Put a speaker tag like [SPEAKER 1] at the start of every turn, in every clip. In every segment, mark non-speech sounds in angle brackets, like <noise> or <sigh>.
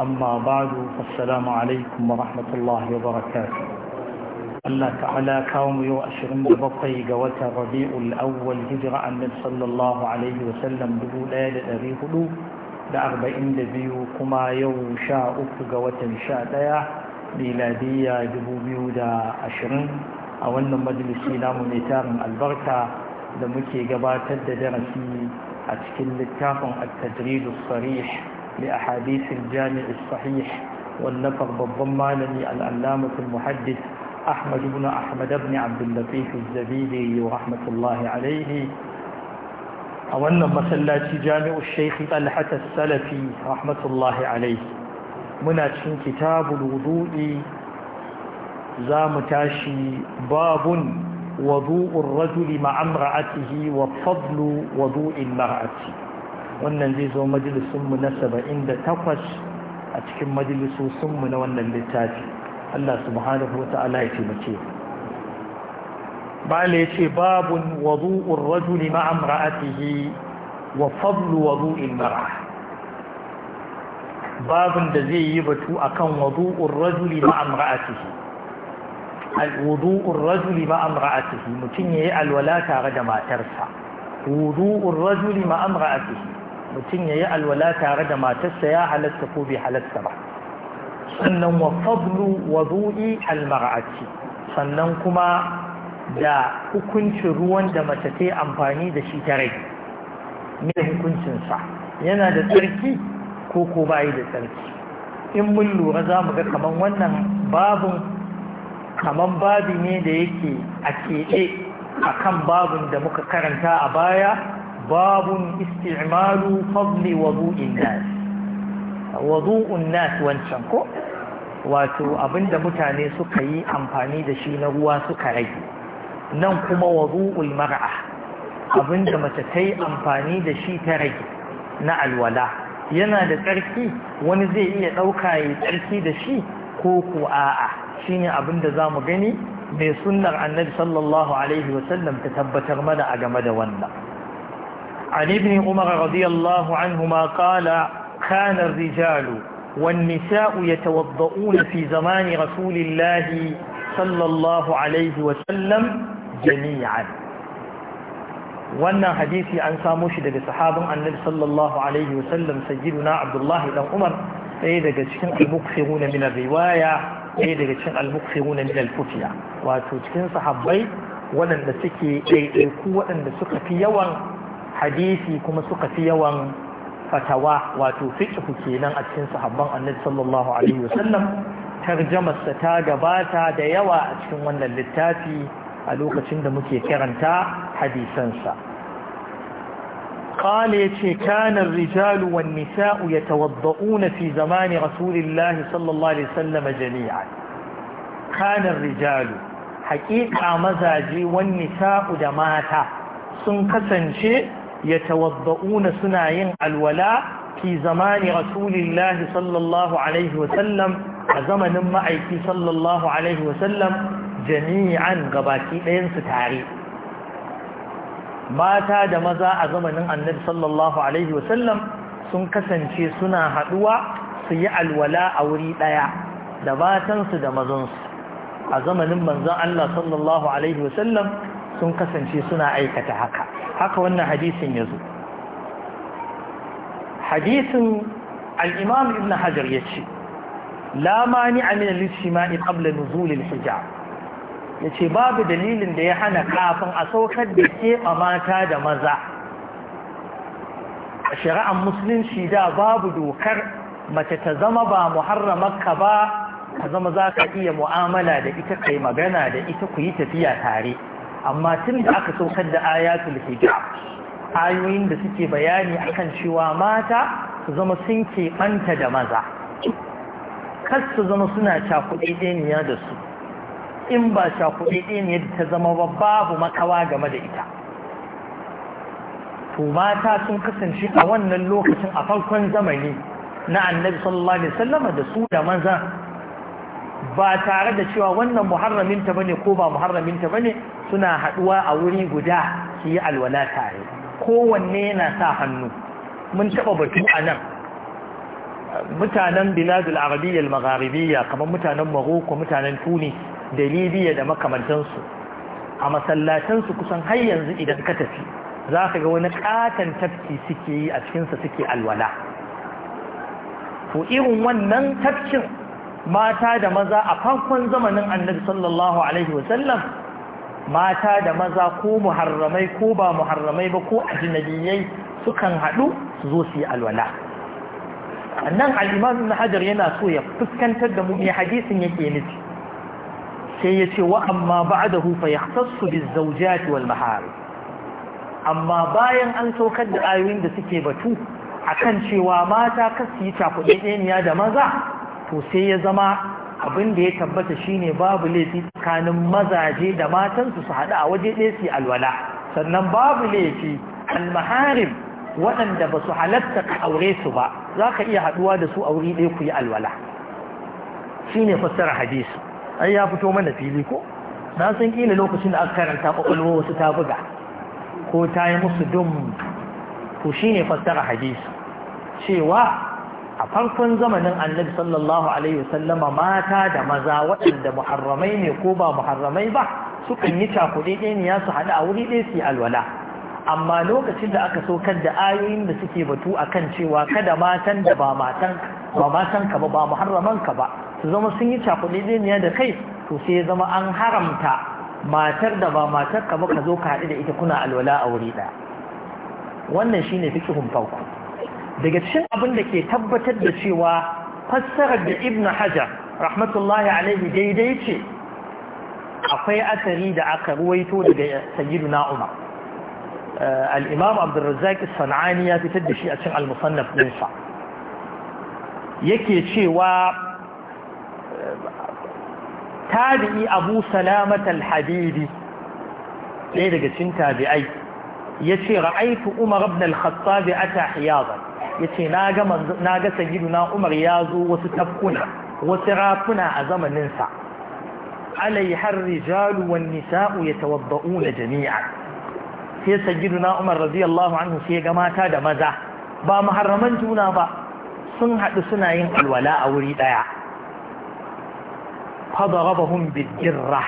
[SPEAKER 1] أما بعد فالسلام عليكم ورحمة الله وبركاته الله تعالى كوم يؤشرن ببقي قوات الربيع الأول هجرة عن صلى الله عليه وسلم بقولال أبي هلو لأربعين دبيو كما يو شاء أفق وتنشاء ديا ميلادية دبو بيودا عشرين أولا مجلس نام نتار البركة da muke gabatar da darasi a cikin littafin التجريد الصريح لأحاديث الجامع الصحيح والنفر بالضمالني العلامة المحدث أحمد بن أحمد بن عبد اللطيف الزبيدي ورحمة الله عليه أولا مسلات جامع الشيخ طلحة السلفي رحمة الله عليه منات كتاب الوضوء زامتاشي باب وضوء الرجل مع امرأته وفضل وضوء المرأة wannan zai zo majalisunmu na saba'in da takwas a cikin majalisosinmu na wannan littafi Allah subhanahu wa ta'ala ya ce taimake bala ya ce babun wadu'ur rajuli ma'am ra'atihi wa fadlu wadu'in mar'a babun da zai yi batu akan wadu'ur rajuli ma'am ra'atihi wudu'ur rajuli ma'am ra'atihi mutum yayi alwala tare da matarsa wudu'ur rajuli ma'am ra'atihi mutum ya yi alwala tare da matarsa ya halatta ko bai halatta ba sannan wa fadlu wa zu'i almar'ati sannan kuma da hukuncin ruwan da mace ta yi amfani da shi ta rage mai hukuncinsa yana da tsarki ko ko bayi da tsarki in mun lura za mu ga kaman wannan babin kaman babi ne da yake a keɓe a kan babin da muka karanta a baya babun isti'malu فضل وضوء الناس وضوء الناس wancan ko wato abinda mutane suka yi amfani da shi na ruwa suka rage nan kuma تري mar'a abinda mace ta rage na alwala yana da tsarki wani zai iya ɗauka ya tsarki da shi ko ko a'a shine abinda za mu gani mai sunnar annabi sallallahu alaihi wasallam ta tabbatar mana a game da wannan عن ابن عمر رضي الله عنهما قال كان الرجال والنساء يتوضؤون في زمان رسول الله صلى الله عليه وسلم جميعا wannan hadisi an samo shi daga sahabin annabi sallallahu alaihi wasallam sayyiduna abdullahi dan umar ɗaya daga cikin al min riwaya ɗaya daga cikin al min al wato cikin sahabbai waɗanda suke ɗaiɗaiku waɗanda suka fi yawan hadisi kuma suka fi yawan fatawa wato fiqhu kenan a cikin sahabban annabi sallallahu alaihi wasallam tarjamar sa ta gabata da yawa a cikin wannan littafi a lokacin da muke karanta hadisan sa قال يتي كان الرجال والنساء يتوضؤون في زمان رسول الله صلى الله عليه وسلم جميعا كان الرجال حقيقة مزاجي والنساء دماتا سنكسن شيء yatawadda'una suna yin alwala fi zamani rasulillah sallallahu alaihi a zamanin ma'aiki sallallahu alaihi jami'an gabaki ɗayan su tare mata da maza a zamanin annabi sallallahu alaihi sun kasance suna haɗuwa su yi alwala a wuri ɗaya da batansu da mazansu a zamanin manzan Allah sallallahu alaihi sun kasance suna aikata haka haka wannan hadisin ya zo hadisin al'imam ibn hajar ya ce lamani amina lishima'i ƙabla nuzulil hijab ya ce babu dalilin da ya hana kafin a saukar da keɓa mata da maza a shari'ar musulunci da babu dokar mace ta zama ba muharramarka ba ka zama za ka iya mu'amala da ita kai magana da ita ku yi tafiya tare amma tun da aka saukar da ayatul hijab ayoyin da suke bayani akan cewa mata su zama sun keɓanta da maza kas su zama suna cakuɗeɗeniya da su in ba cakuɗeɗeniya da ta zama ba babu makawa game da ita to mata sun kasance a wannan lokacin a farkon zamani na annabi sallallahu alaihi wasallama da su da maza ba tare da cewa wannan muharraminta bane ko ba muharraminta bane suna haɗuwa a wuri guda su yi alwala tare kowanne yana sa hannu mun taɓa batu a nan mutanen biladul arabiyyar magharibiya kamar mutanen maroko mutanen Tuni da libya da makamantansu a masallatansu kusan har yanzu idan ka tafi za ka ga wani katon tafki suke yi a cikinsa suke alwala Ko irin wannan tafkin mata da maza a farkon zamanin annabi sallallahu alaihi wasallam mata da maza ko muharramai ko ba muharramai ba ko ajinabiyai sukan haɗu su zo su yi alwala nan al'imam na hajar yana so ya fuskantar da mu ne hadisin yake nufi sai ya ce wa amma ba da hufa ya tassu bi zaujati wal mahari amma bayan an saukar da ayoyin da suke batu akan cewa mata kasu yi cakuɗe da maza to sai ya zama abin da ya tabbata shine babu laifi tsakanin mazaje da matansu su haɗu a waje ɗaya su alwala sannan babu laifi almaharim waɗanda ba su halatta ka aure su ba za ka iya haɗuwa da su a wuri ɗaya ku yi alwala shine fassara hadisi ai ya fito mana fili ko na san kila lokacin da aka karanta ƙwaƙwalwa wasu ta buga ko ta yi musu dum shi shine fassara hadisi cewa a farkon zamanin annabi sallallahu alaihi wasallama mata da maza waɗanda muharramai ne ko ba muharramai ba sukan yi cakuɗe ɗaya su haɗu a wuri ɗaya su yi alwala amma lokacin da aka saukar da ayoyin da suke batu akan cewa kada matan da ba matan ba matan ka ba ba muharraman ka ba su zama sun yi cakuɗe ɗaya da kai to sai ya zama an haramta matar da ba matar ka ba ka zo ka haɗu da ita kuna alwala a wuri ɗaya wannan shine fikihun farko daga cikin abin da ke tabbatar da cewa fassarar da ibn hajar rahmatullahi alaihi daidai ce akwai asari da aka ruwaito daga sayidu na'uma eh, al'imam abdurrazzaq sana'ani ya fitar da shi a cin al-musannaf ɗinsa yake cewa eh, tabi'i abu salamat al-hadidi ɗaya daga cin tabi'ai ya ce ra'aitu umar ibn al-khattabi ata hiyaban yace na ga manzo na ga Umar ya zo wasu tafkuna wasu rafuna a zamanin sa alaiha ar nisa'u ya nisa'u na jami'a sai sayyiduna Umar radiyallahu anhu sai ga mata da maza ba muharraman juna ba sun haɗu suna yin alwala a wuri ɗaya fadarabahum bid-dirra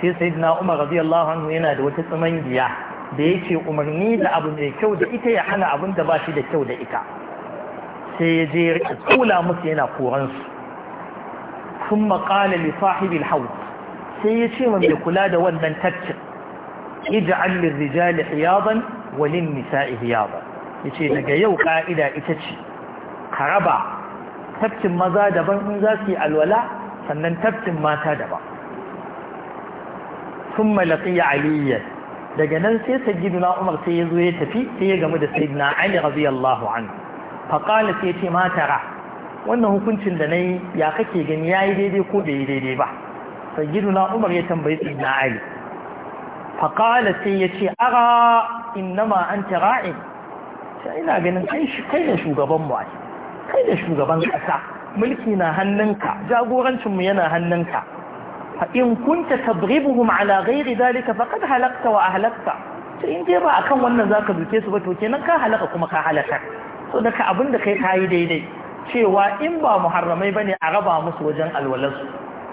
[SPEAKER 1] sai sayyidina Umar radiyallahu anhu yana da wata tsamangiya da yake umarni da abu mai kyau da ita ya hana abin da ba shi da kyau da ita sai ya je ya kula musu yana koransu sun maƙala li sahibil hau sai ya ce ma mai kula da wannan tackin ija'al lirrijali hiyaban walin nisa'i hiyaban ya ce daga yau ka'ida ita ce karaba raba maza daban in za su yi alwala sannan tafkin mata daban sun malaƙi aliyyar daga nan sai na Umar sai ya zo ya tafi sai ya gamu da na Ali radiyallahu anhu fa sai ce ma wannan hukuncin da na yi ya kake gani yi daidai ko bai daidai ba na Umar ya tambayi na Ali fa sai ya ce ara innama ta ra'in sai ina ganin kai shugaban mu kai ne shugaban kasa mulki na hannunka jagorancinmu yana hannunka in kunta tadribuhum ala ghairi dhalika faqad halakta wa ahlakta to in dai ba akan wannan zaka duke su ba to kenan ka halaka kuma ka halaka so daga abin da kai kayi daidai cewa in ba muharramai bane a raba musu wajen alwalarsu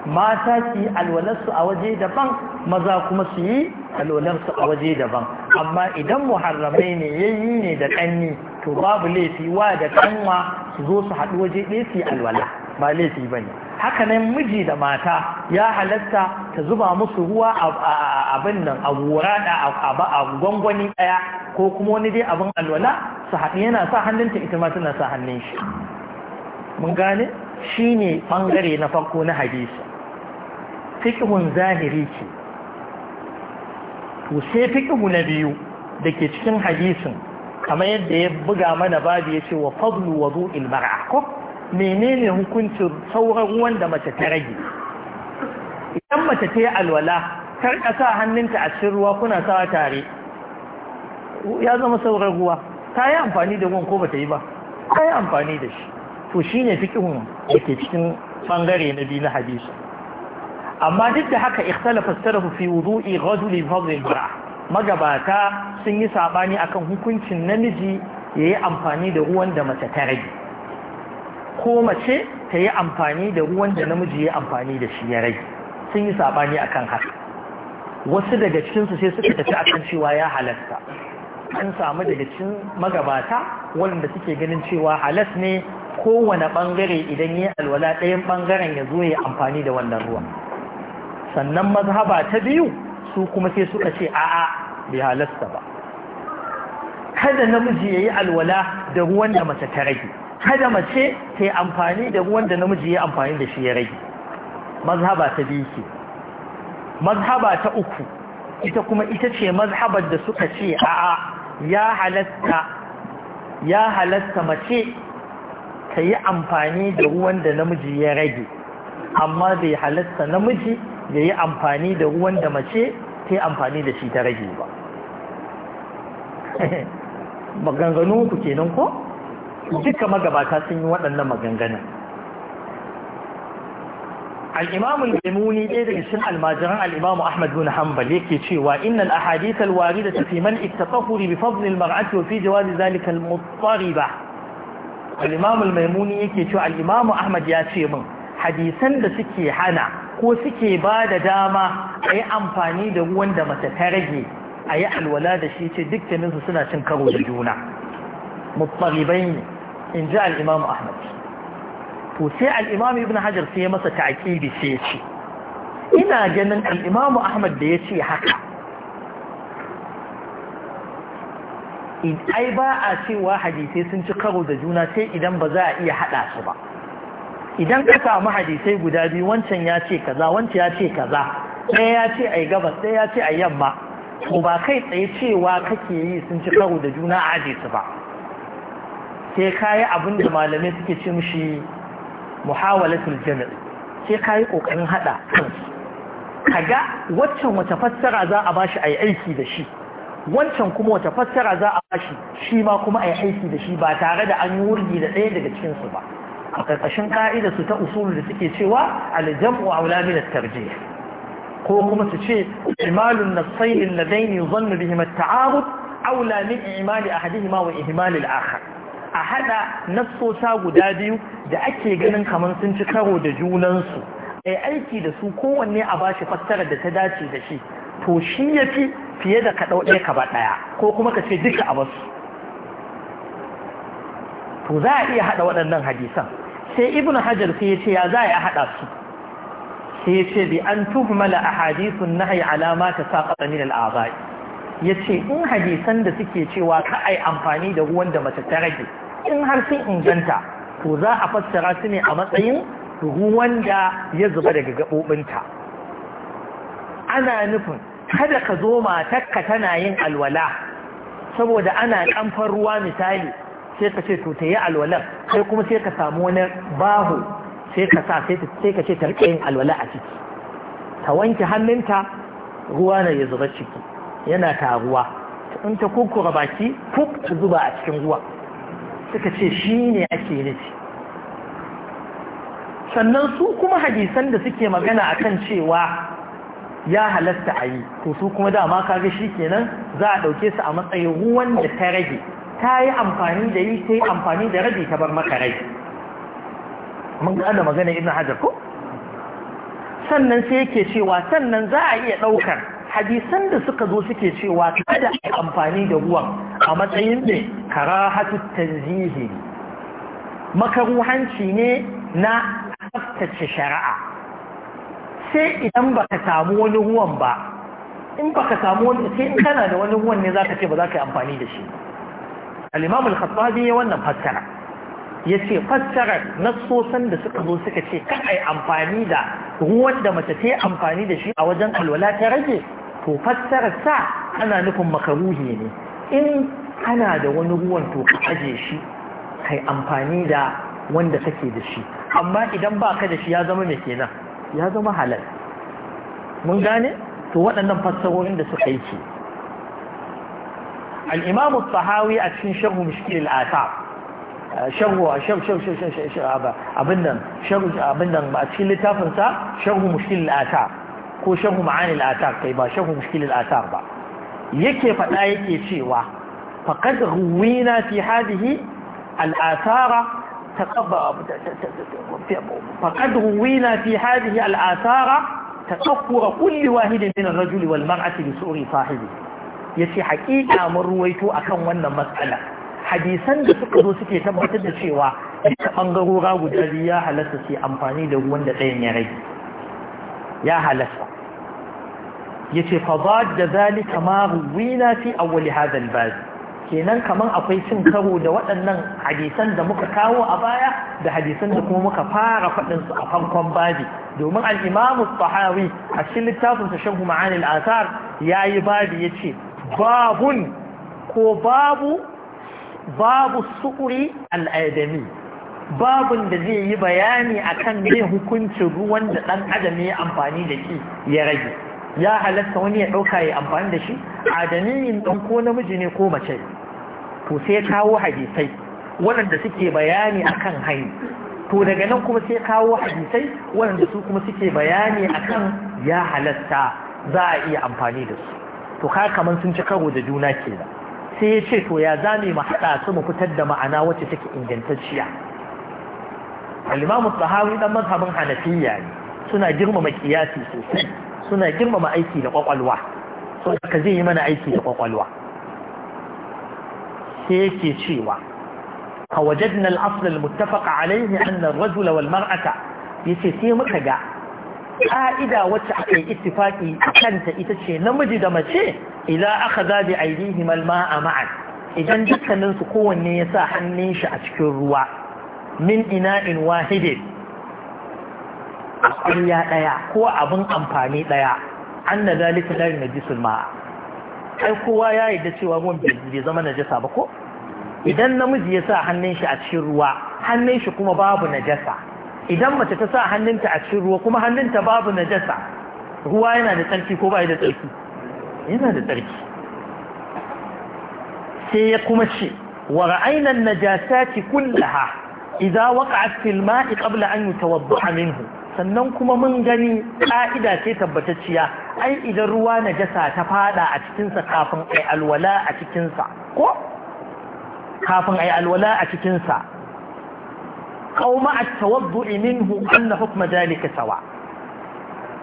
[SPEAKER 1] mata su yi alwalarsu a waje daban maza kuma su yi alwalarsu a waje daban amma idan muharramai ne yayi ne da kanni to babu laifi wa da kanwa su zo haɗu waje ɗaya su yi alwala ba laifi bane hakanan miji da mata ya halatta ta zuba musu ruwa abin nan a gora da a gwangwani daya ko kuma wani dai abin alwala su haɗu yana sa hannunta ita ma tana sa hannun shi mun gane shi ne ɓangare na farko na hadisi fiƙihun zahiri ce to sai fiƙihu na biyu da ke cikin hadisin kamar yadda ya buga mana babu ya ce wa fadlu wa zu'il mar'a ko menene hukuncin sauran ruwan da mace ta rage idan mace ta yi alwala karka sa hannunta a cikin ruwa kuna sawa tare ya zama sauran ruwa ta yi amfani da ruwan ko ba ta yi ba ta yi amfani da shi to shi ne fikihun da ke cikin bangare na biyu na hadisu amma duk da haka ikhtalafa sarafu fi wudu'i rajuli fadl mar'a magabata sun yi sabani akan hukuncin namiji yayi amfani da ruwan da mace ta rage ko mace ta yi amfani da ruwan da namiji ya amfani da shi ya rai sun yi sabani kan haka wasu daga cikinsu sai suka tafi a kan cewa ya halasta an samu daga cikin magabata wanda suke ganin cewa halas ne kowane ɓangare idan ya alwala ɗayan bangaren ya zo ya amfani da wannan ruwa sannan mazhaba ta biyu su kuma sai suka ce a'a bai halasta ba kada namiji ya yi alwala da ruwan da mace ta rage kada mace ta yi amfani da ruwan da namiji ya amfani da shi ya rage mazhaba ta biyu ke mazhaba ta uku ita kuma ita ce mazhabar da suka ce a'a ya halatta ya halatta mace ta yi amfani da ruwan da namiji ya rage amma bai halatta namiji ya yi amfani da ruwan da mace ta yi amfani da shi ta rage ba <laughs> maganganu ku kenan ko duka magabata sun yi waɗannan maganganun. Al'imamul Maimuni, ɗaya da gishin almajiran Al'imamu Ahmadu Na'ambal ya ke cewa, innan a hadisan wari da ta fi mana ifta, tsahu, ribi, fafnir, mara antifasini, jawazi, za ni kalmomi ba. Al'imamul Maimuni ya ke ci al'imamu Ahmad ya ce min, hadisan da suke hana, ko suke ba da dama, a amfani da ruwan da mace ta rage a yi alwala da shi ce dukkaninsu suna cin karo da juna. mutsaribai in ji Al'imam ahmad to sai ibn hajar sai ya masa ta'aƙibi sai ya ce ina ganin al'imamu ahmad da ya ce haka ai ba a cewa hadisai sun ci karo da juna sai idan ba za a iya haɗa su ba idan ka samu hadisai guda biyu wancan ya ce kaza wancan ya ce kaza ɗaya ya ce a gabas ɗaya ya ce a yamma to ba kai tsaye cewa kake yi sunci ci karo da juna a aje ba sai ka yi abin da malamai suke ce mushi muhawalatul jami'i sai ka yi ƙoƙarin haɗa kansu ka ga waccan wata fassara za a bashi a yi aiki da shi wancan kuma wata fassara za a bashi shi ma kuma a yi aiki da shi ba tare da an yi wurgi da ɗaya daga cikinsu ba a ƙarƙashin ƙa'ida su ta usul da suke cewa aljam'u aula min tarjih ko kuma su ce imalun nassayn alladayn yuzannu bihima at-ta'arud aula min imali ahadihima wa ihmal al-akhar a haɗa nassosa guda biyu da ake ganin kamar sun ci karo da junansu ai aiki da su kowanne a bashi fassara da ta dace da shi to shi ya fi fiye da ka ɗauɗe ka ba ɗaya ko kuma ka ce duka a basu to za a iya haɗa waɗannan hadisan sai ibn hajar sai ya ce ya za a haɗa su sai ya ce bi an tuhmala a hadisun nahi alama ta saƙaɗa min al'abai ya ce in hadisan da suke cewa ka ai amfani da ruwan da mace ta rage in har sun inganta to za a fassara su ne a matsayin ruwan da ya zuba daga gaɓoɓinta ana nufin kada ka zo matakka tana yin alwala saboda ana ƙamfar ruwa misali sai ka ce to ta yi alwalar sai kuma sai ka samu wani baho sai ka sa sai ka ce ta yin alwala a ciki ta wanke hannunta ruwa na ya zuba ciki yana taruwa in ta kukura baki kuk zuba a cikin ruwa suka ce shi ne ake nufi sannan su kuma hadisan da suke magana a kan cewa ya halatta a yi to su kuma dama kaga shi kenan za a ɗauke su a matsayin ruwan da ta rage ta yi amfani da yi ta yi amfani da rabi ta bar maka rage. mun ga da magana ina hajar ko sannan sai yake cewa sannan za a iya ɗaukar hadisan da suka zo suke cewa kada a amfani da ruwan a matsayin ne karahatu tanzihi makaruhanci ne na tsaftace shari'a sai idan baka samu wani ruwan ba in baka samu wani sai in kana da wani ruwan ne zaka ce ba za ka yi amfani da shi al-imam zai yi wannan fassara ya ce fassarar nassosan da suka zo suka ce kan ai amfani da ruwan da mace ta yi amfani da shi a wajen alwala ta rage to fassara sa ana nufin makaruhi ne in kana da wani ruwan to ka aje shi kai amfani da wanda kake da shi amma idan ba ka da shi ya zama mai kenan ya zama halal mun gane to waɗannan fassarorin da suka yi ce al'imamu sahawi a cikin sharhu mishkil al'ata sharhu a shar shar shar shar abin nan a cikin littafinsa sharhu mishkil al'ata ko shahu ma'anil atar kai ba shahu mushkilil atar ba yake faɗa yake cewa faqad ruwina fi hadhihi al-athara فقد روينا في هذه الآثار تكفر كل واحد من الرجل والمرأة yace haƙiƙa mun ruwaito akan wannan matsala hadisan da suka zo suke tabbatar da cewa duka bangarora guda biyu ya halasta sai amfani da ruwan da ɗayan ya rage ya halasta yace fa da zalika ma ruwina fi awwal hadha kenan kaman akwai cin karo da waɗannan hadisan da muka kawo a baya da hadisan da kuma muka fara faɗin su a farkon babi domin al-imam a cikin littafin sa shahu ma'ani al-athar yayi babi yace babun ko babu babu su'uri al-adami babun da zai yi bayani akan me hukuncin ruwan da dan adam ya amfani da shi ya rage ya halatta wani ya ɗauka ya amfani da shi adamiyin ɗan ko namiji ne ko mace to sai kawo hadisai waɗanda suke bayani akan haini to daga nan kuma sai kawo hadisai waɗanda su kuma suke bayani akan ya halatta za a iya amfani da su to ka kamar sun ci karo da juna ke da. sai ya ce to ya zame mu haɗa su mu fitar da ma'ana wacce take ingantacciya al-imamu sahawi dan mazhabin hanafiya ne suna girmama kiyasi sosai suna girmama aiki da kwakwalwa so ka zai yi mana aiki da kwakwalwa sai yake cewa a wajadna al-asl al a alayhi anna rajula wal mar'ata yace sai muka ga Ƙa'ida wacce aka yi ittifaki kanta ita ce namiji da mace idan aka zabi aidihim malma maa ma'an idan dukkaninsu kowanne ya sa hannun shi a cikin ruwa min ina'in wahidin ƙarya ɗaya ko abin amfani ɗaya an na zalika lari na jisul ma ai kowa ya yi da cewa ruwan bai zama na jasa ba ko idan namiji ya sa hannun shi a cikin ruwa hannun shi kuma babu na jasa. idan mace ta sa hannunta a cikin ruwa kuma hannunta babu na jasa, ruwa yana da tsarki ko bai da tsarki yana da tsarki sai ya kuma ce wa ra'ayna najasati kullaha idza waqa'at fil ma'i qabla an yutawadda minhu sannan kuma mun gani ƙa'ida ce tabbatacciya ai idan ruwa na jasa ta fada a cikinsa kafin ai alwala a cikinsa ko kafin ai alwala a cikinsa ƙau ma at-tawaddu'i minhu na hukuma dhalika sawa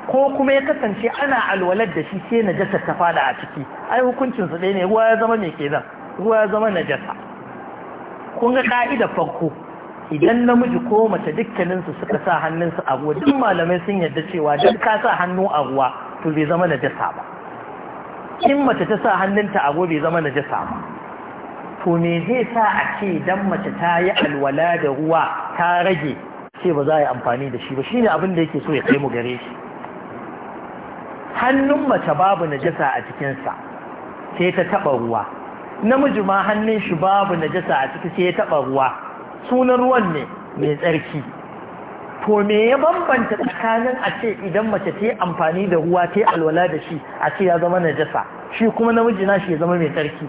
[SPEAKER 1] ko kuma ya kasance ana alwalar da shi sai jasa ta fada a ciki ai hukuncin su ɗaya ne ruwa ya zama me kenan ruwa ya zama jasa. kun ga ka'idar farko idan namiji ko mace dukkaninsu suka sa hannunsu a ruwa duk malamai sun yarda cewa don ka sa hannu a ruwa to bai zama najasa ba in mace ta sa hannunta a ruwa bai zama najasa ba to me zai sa a ce dan mace ta yi alwala da ruwa ta rage ce ba za a yi amfani da shi ba shine abin da yake so ya kai mu gare shi hannun mace babu najasa a cikinsa sai ta taɓa ruwa namiji ma hannun shi babu najasa a ciki sai ya taɓa ruwa sunan ruwan ne mai tsarki to me ya bambanta tsakanin a ce idan mace ta yi amfani da ruwa ta yi alwala da shi a ce ya zama najasa shi kuma namiji na shi ya zama mai tsarki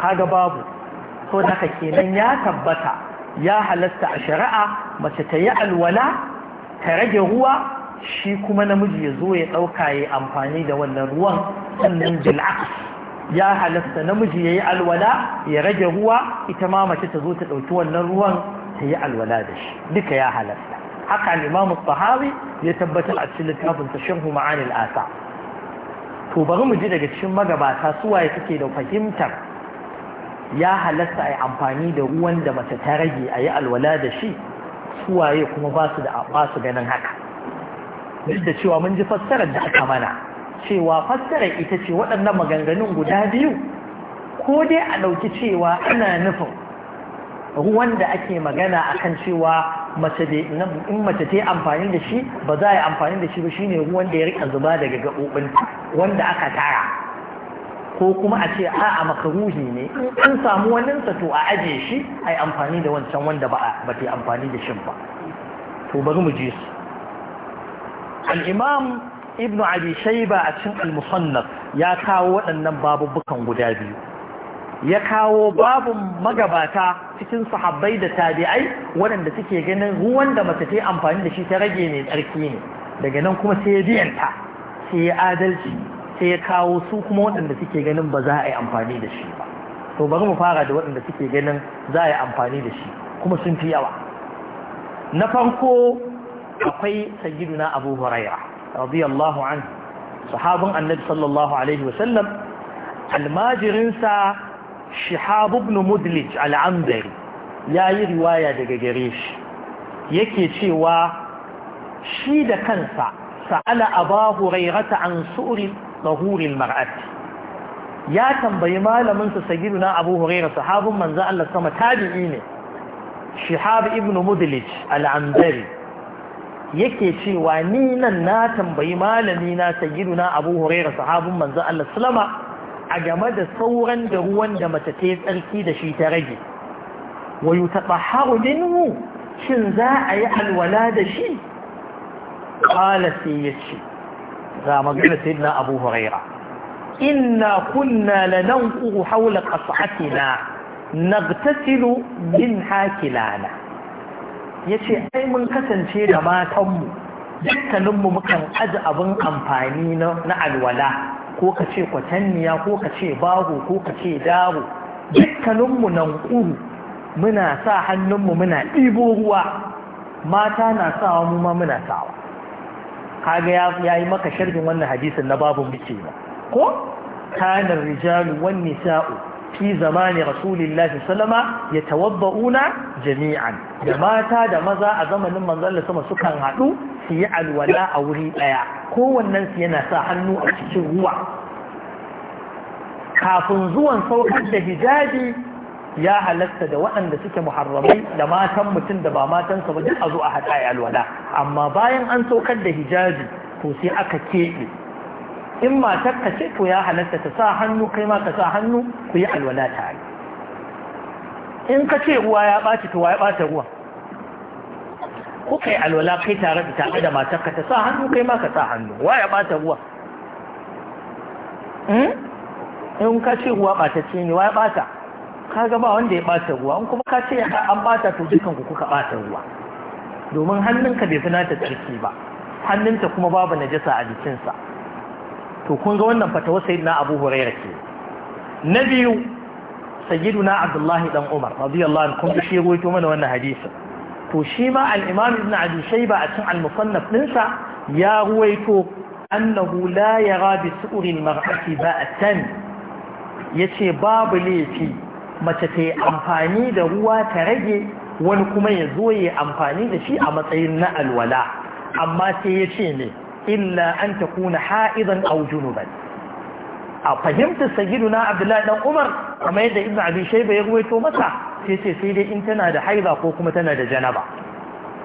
[SPEAKER 1] kaga babu so da kenan ya tabbata ya halatta a shari'a mace ta yi alwala ta rage ruwa shi kuma namiji ya zo ya ɗauka ya amfani da wannan ruwan sannan bil'aks ya halatta namiji ya yi alwala ya rage ruwa ita ma mace ta zo ta ɗauki wannan ruwan ta yi alwala da shi duka ya halatta haka imamu tsahawi ya tabbatar a cikin littafin ta shan ma'anil asa to bari mu ji daga cikin magabata suwaye suke da fahimtar ya halatta a yi amfani da ruwan da mace ta rage a yi alwala da shi suwaye kuma ba su da ganin haka duk da cewa mun ji fassarar da aka mana cewa fassarar ita ce waɗannan maganganun guda biyu ko dai a ɗauki cewa ana nufin ruwan da ake magana a kan cewa mace in mace ta yi amfani da shi ba za a yi amfani da shi ba shine ruwan da ya rika zuba daga gaɓoɓin wanda aka tara ko kuma a ce a a makaruhi ne in samu waninsa to a ajiye shi a yi amfani da wancan wanda ba ta yi amfani da shi ba to bari mu ji su al'imam ibn abi shaiba a cikin al-musannaf ya kawo waɗannan babubukan guda biyu ya kawo babun magabata cikin sahabbai da tabi'ai waɗanda suke ganin ruwan da mace ta amfani da shi ta rage mai tsarki ne daga nan kuma sai ya biyanta sai ya adalci sai ya kawo su kuma waɗanda suke ganin ba za a yi amfani da shi ba to bari mu fara da waɗanda suke ganin za a yi amfani da shi kuma sun fi yawa na farko akwai sayyiduna abu huraira radiyallahu anhu sahabin annabi sallallahu alaihi wasallam almajirinsa shihab ibn mudlij al-amdari yayi riwaya daga gare shi yake cewa shi da kansa sa'ala abahu hurairata an su'ri al-mar'at ya tambayi malamin sa sayyiduna abu hurairah sahabun manzo Allah sama tabi'i ne shihab ibn mudlij al-amdari yake cewa ni nan na tambayi malami na sayyiduna abu hurairah sahabun manzo Allah sallama a game da sauran da ruwan da mace ta yi tsarki da shi ta rage wa taɓa haru shin za a yi alwala da shi ƙala sai ya ce za magana sai na abu huraira inna kunna lanan ƙuru haula ƙasa'atina nagtasilu min hakilana ya ce ai mun kasance da matanmu dukkaninmu mukan aji abin amfani na alwala ko ka ce kwatanniya ko ka ce bago ko ka ce dawo, dukkaninmu nan ƙuru muna sa hannunmu muna ɗibo ruwa mata na sawa mu ma muna sawa kaga ya yi maka sharhin wannan hadisin na babu muke ba ko kanar rijalu wan nisa'u fi zamani rasulillahi ya tawabba'u na jami'an da mata da maza a zamanin manzalla sama sukan haɗu su yi alwala a wuri ɗaya kowannen su yana sa hannu a cikin ruwa kafin zuwan saukar da hijabi ya halatta da waɗanda suke muharramai da matan mutum da ba matansa ba duk a zo a haɗa alwala amma bayan an saukar da hijabi to sai aka keɓe in matar ka ce to ya halatta ta sa hannu kai ma ka sa hannu ku yi alwala tare in ka ce ruwa ya ɓaci to wa ya ɓata ruwa ku kai alwala kai tare da tare da matar ka ta sa hannu kai ma ka sa hannu wa ya ɓata ruwa hmm? in ka ce ruwa ɓatacce ne wa ya ɓata ka ga ba wanda ya ɓata ruwa in kuma ka ce an ɓata to dukan ku kuka ɓata ruwa domin hannunka bai fi ta tsarki ba hannunta kuma babu najasa a jikinsa to kun ga wannan fatawar sayyidina abu huraira ke na biyu sayyiduna abdullahi dan umar radiyallahu anhu kun shi ruwaito mana wannan hadisi to shi ma al-imam ibn abi shayba a cikin al-musannaf dinsa ya ruwaito annahu la yara bi su'ri al-mar'ati ba'atan yace babu laifi mace ta yi amfani da ruwa ta rage wani kuma ya zo ya amfani da shi a matsayin na alwala amma sai ya ce ne illa an kuna ha'izan aujunu ba a fahimta na abdullahi dan umar kama yadda ibnu abi shayba ya ruwaito masa sai ce sai dai in tana da haiza ko kuma tana da janaba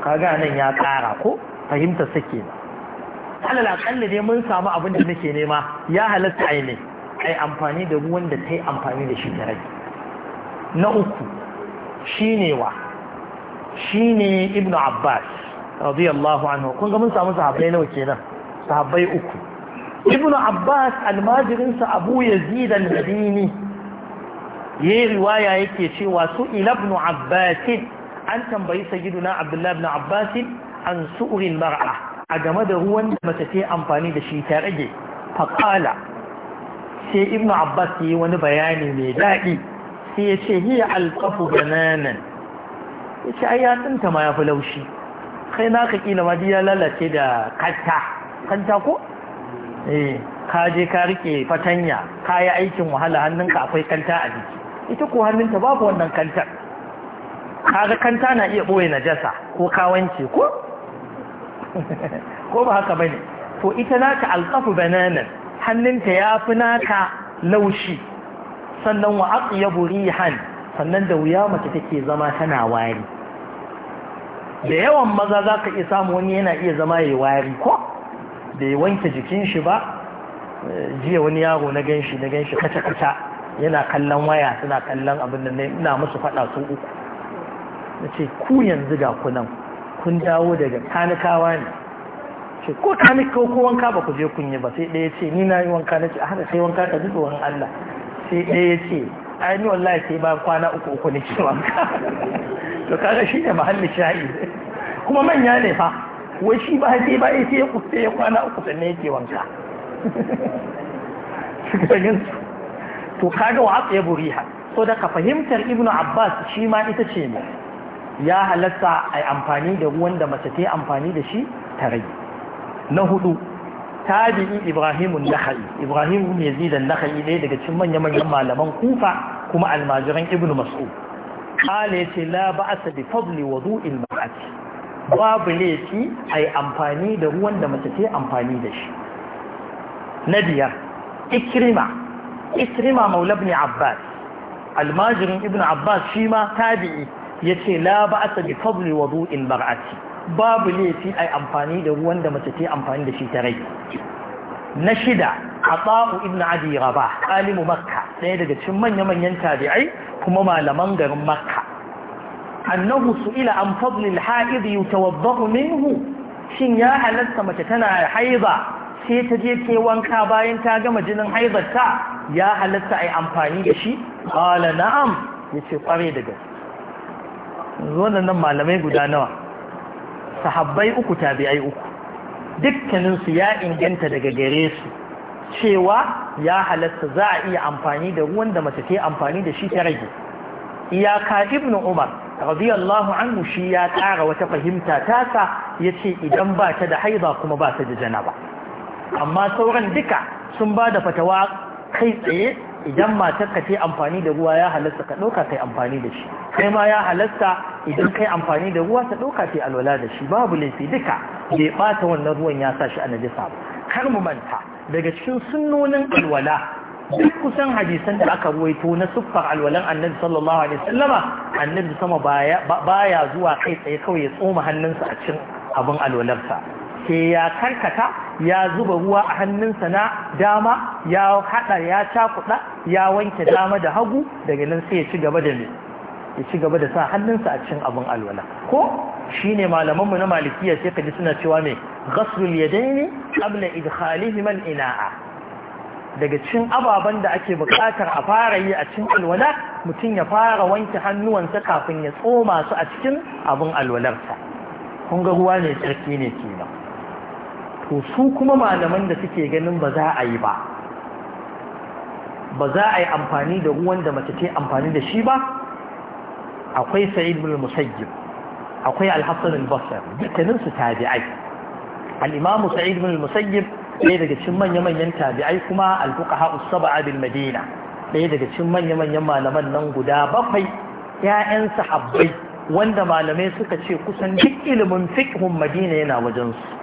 [SPEAKER 1] ga nan ya kara ko fahimta sake ba alal akalla dai mun samu abin da nake nema ya halatta ai ne amfani da ruwan da ta yi amfani da shi ta rage na uku shine wa shine ibnu abbas radiyallahu anhu kun ga mun samu sahabbai nawa kenan sahabbai uku ibnu abbas almajirin sa abu yazid al-madini yayi riwaya yake cewa su ila ibnu abbas an tambayi sayyiduna abdullahi ibn abbas an su'rin mar'a a game da ruwan da mace ta amfani da shi ta rage faqala sai ibnu abbas yi wani bayani mai daɗi sai ya ce hiya alqafu bananan yace ai ya tsinta ma yafi laushi kai naka kila ma ya lalace da kanta kanta ko eh ka je ka rike fatanya ka yi aikin wahala hannunka akwai kanta a jiki ita ko hannunta babu wannan kantar kaga kanta na iya boye najasa ko kawance ko <laughs> ko ba haka bane to ita naka alqafu bananan hannunta fina naka laushi sannan wa atyabu rihan sannan da wuya mace take zama tana wari da yawan maza za ka iya samu wani yana iya zama ya wari ko bai wanke jikin shi ba eh, jiya wani yaro na ganshi na ganshi kaca-kaca yana kallon waya suna kallon abin da na musu faɗa su uku na ce ku yanzu ga kunan kun dawo daga kanikawa ne ce ko kanikawa ko wanka ba ku je kun yi ba sai ɗaya ce ni na yi wanka na ce a hana sai wanka ka duka wani Allah sai ɗaya ce ainihin ni wallahi sai ba kwana uku uku ne ce wanka <laughs> to kaga shi ne mahallin sha'i kuma manya ne fa wai shi ba sai ba sai ya kusa ya kwana uku sannan yake wanka <laughs> to kaga wa haka buri buriha so da ka fahimtar ibnu abbas shi ma ita ce ne ya halatta a amfani da ruwan da mace ta amfani da shi ta rai na hudu tabi'i ibrahimun nakhai ibrahim yazid zidan nakhai ɗaya daga cikin manya-manyan malaman kufa kuma almajiran ibnu mas'ud ya قال يتي لا بأس بفضل وضوء المرأة babu laifi a yi amfani da ruwan da mace ce amfani da shi na biyar ikirima ikrima maula abbas almajirin ibn abbas shi ma tabi'i ya ce la ba'asa bi fadli wudu'il mar'ati babu laifi a yi amfani da ruwan da mace ce amfani da shi ta rai na shida ata'u ibn adi rabah alimu makka ɗaya daga cikin manya-manyan tabi'ai kuma malaman garin makka annahu su'ila an fadlil ha'id yutawaddahu minhu shin ya halatta mace tana haiza sai ta je ta wanka bayan ta gama jinin haizarta ya halatta ai amfani da shi qala na'am yace kware da gaske wannan malamai guda nawa sahabbai uku tabi'ai uku dukkaninsu ya inganta daga gare su cewa ya halatta za a iya amfani da ruwan da mace ke amfani da shi ta rage iyaka ibnu umar radiyallahu anhu shi ya ƙara wata fahimta tasa ya ce idan ba ta da haiba kuma ba ta da janaba amma sauran duka sun ba da fatawa kai tsaye idan matar ka ce amfani da ruwa ya halasta ka ɗauka kai amfani da shi kai ma ya halarta idan kai amfani da ruwa ta ɗauka kai alwala da babu laifi duka bai ɓata wannan ruwan ya sa shi a najisa ba kar mu manta daga cikin sunnonin alwala duk kusan hadisan da aka ruwaito na siffar alwalan annabi sallallahu alaihi wasallama annabi sama baya zuwa kai tsaye kawai ya tsoma hannunsa a cikin abin alwalarsa Ke ya karkata ya zuba ruwa a hannunsa na dama ya hada ya cakuda ya wanke dama da hagu daga nan sai ya ci gaba da ne ya ci gaba da sa hannunsa a cikin abin alwala ko shine malaman mu na malikiya sai kaji suna cewa me ghaslul yadaini qabla idkhalihima al-ina'a daga cin ababen da ake bukatar a fara yi a cin alwala mutum ya fara wanke hannuwansa kafin ya tsoma su a cikin abin alwalarsa kun ga ruwa ne tsarki ne nan to su kuma malaman da suke ganin ba za a yi ba ba za a yi amfani da ruwan da mace ce amfani da shi ba akwai sa'id bin musayyib akwai al-hasan al-basri dukkanin su tabi'ai al-imam sa'id bin musayyib ɗaya daga cin manya-manyan tabi'ai kuma alfuqaha as-sab'a madina ɗaya daga cin manya-manyan malaman nan guda bakwai sa sahabbai wanda malamai suka ce kusan duk ilimin fiqhun madina yana wajen su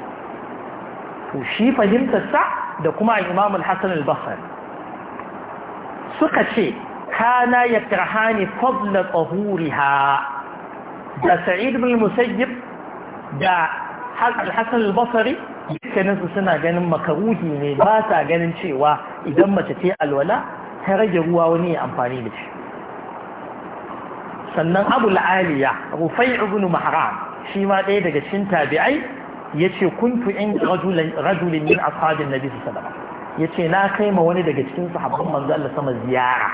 [SPEAKER 1] to shi fahimtar sa da kuma al-imam al-hasan al suka ce kana yakrahani fadla tahuriha da sa'id bin musayyib da al Hassan al-basri dukkaninsu suna ganin makaruhi ne ba sa ganin cewa idan mace ta alwala ta rage ruwa wani ya amfani da shi sannan abu la'aliya rufai ibn mahram shi ma ɗaya daga cikin tabi'ai ya ce kuntu in rajulin min ashabin nabi sallallahu ya ce na kai ma wani daga cikin sahabban manzo Allah sama ziyara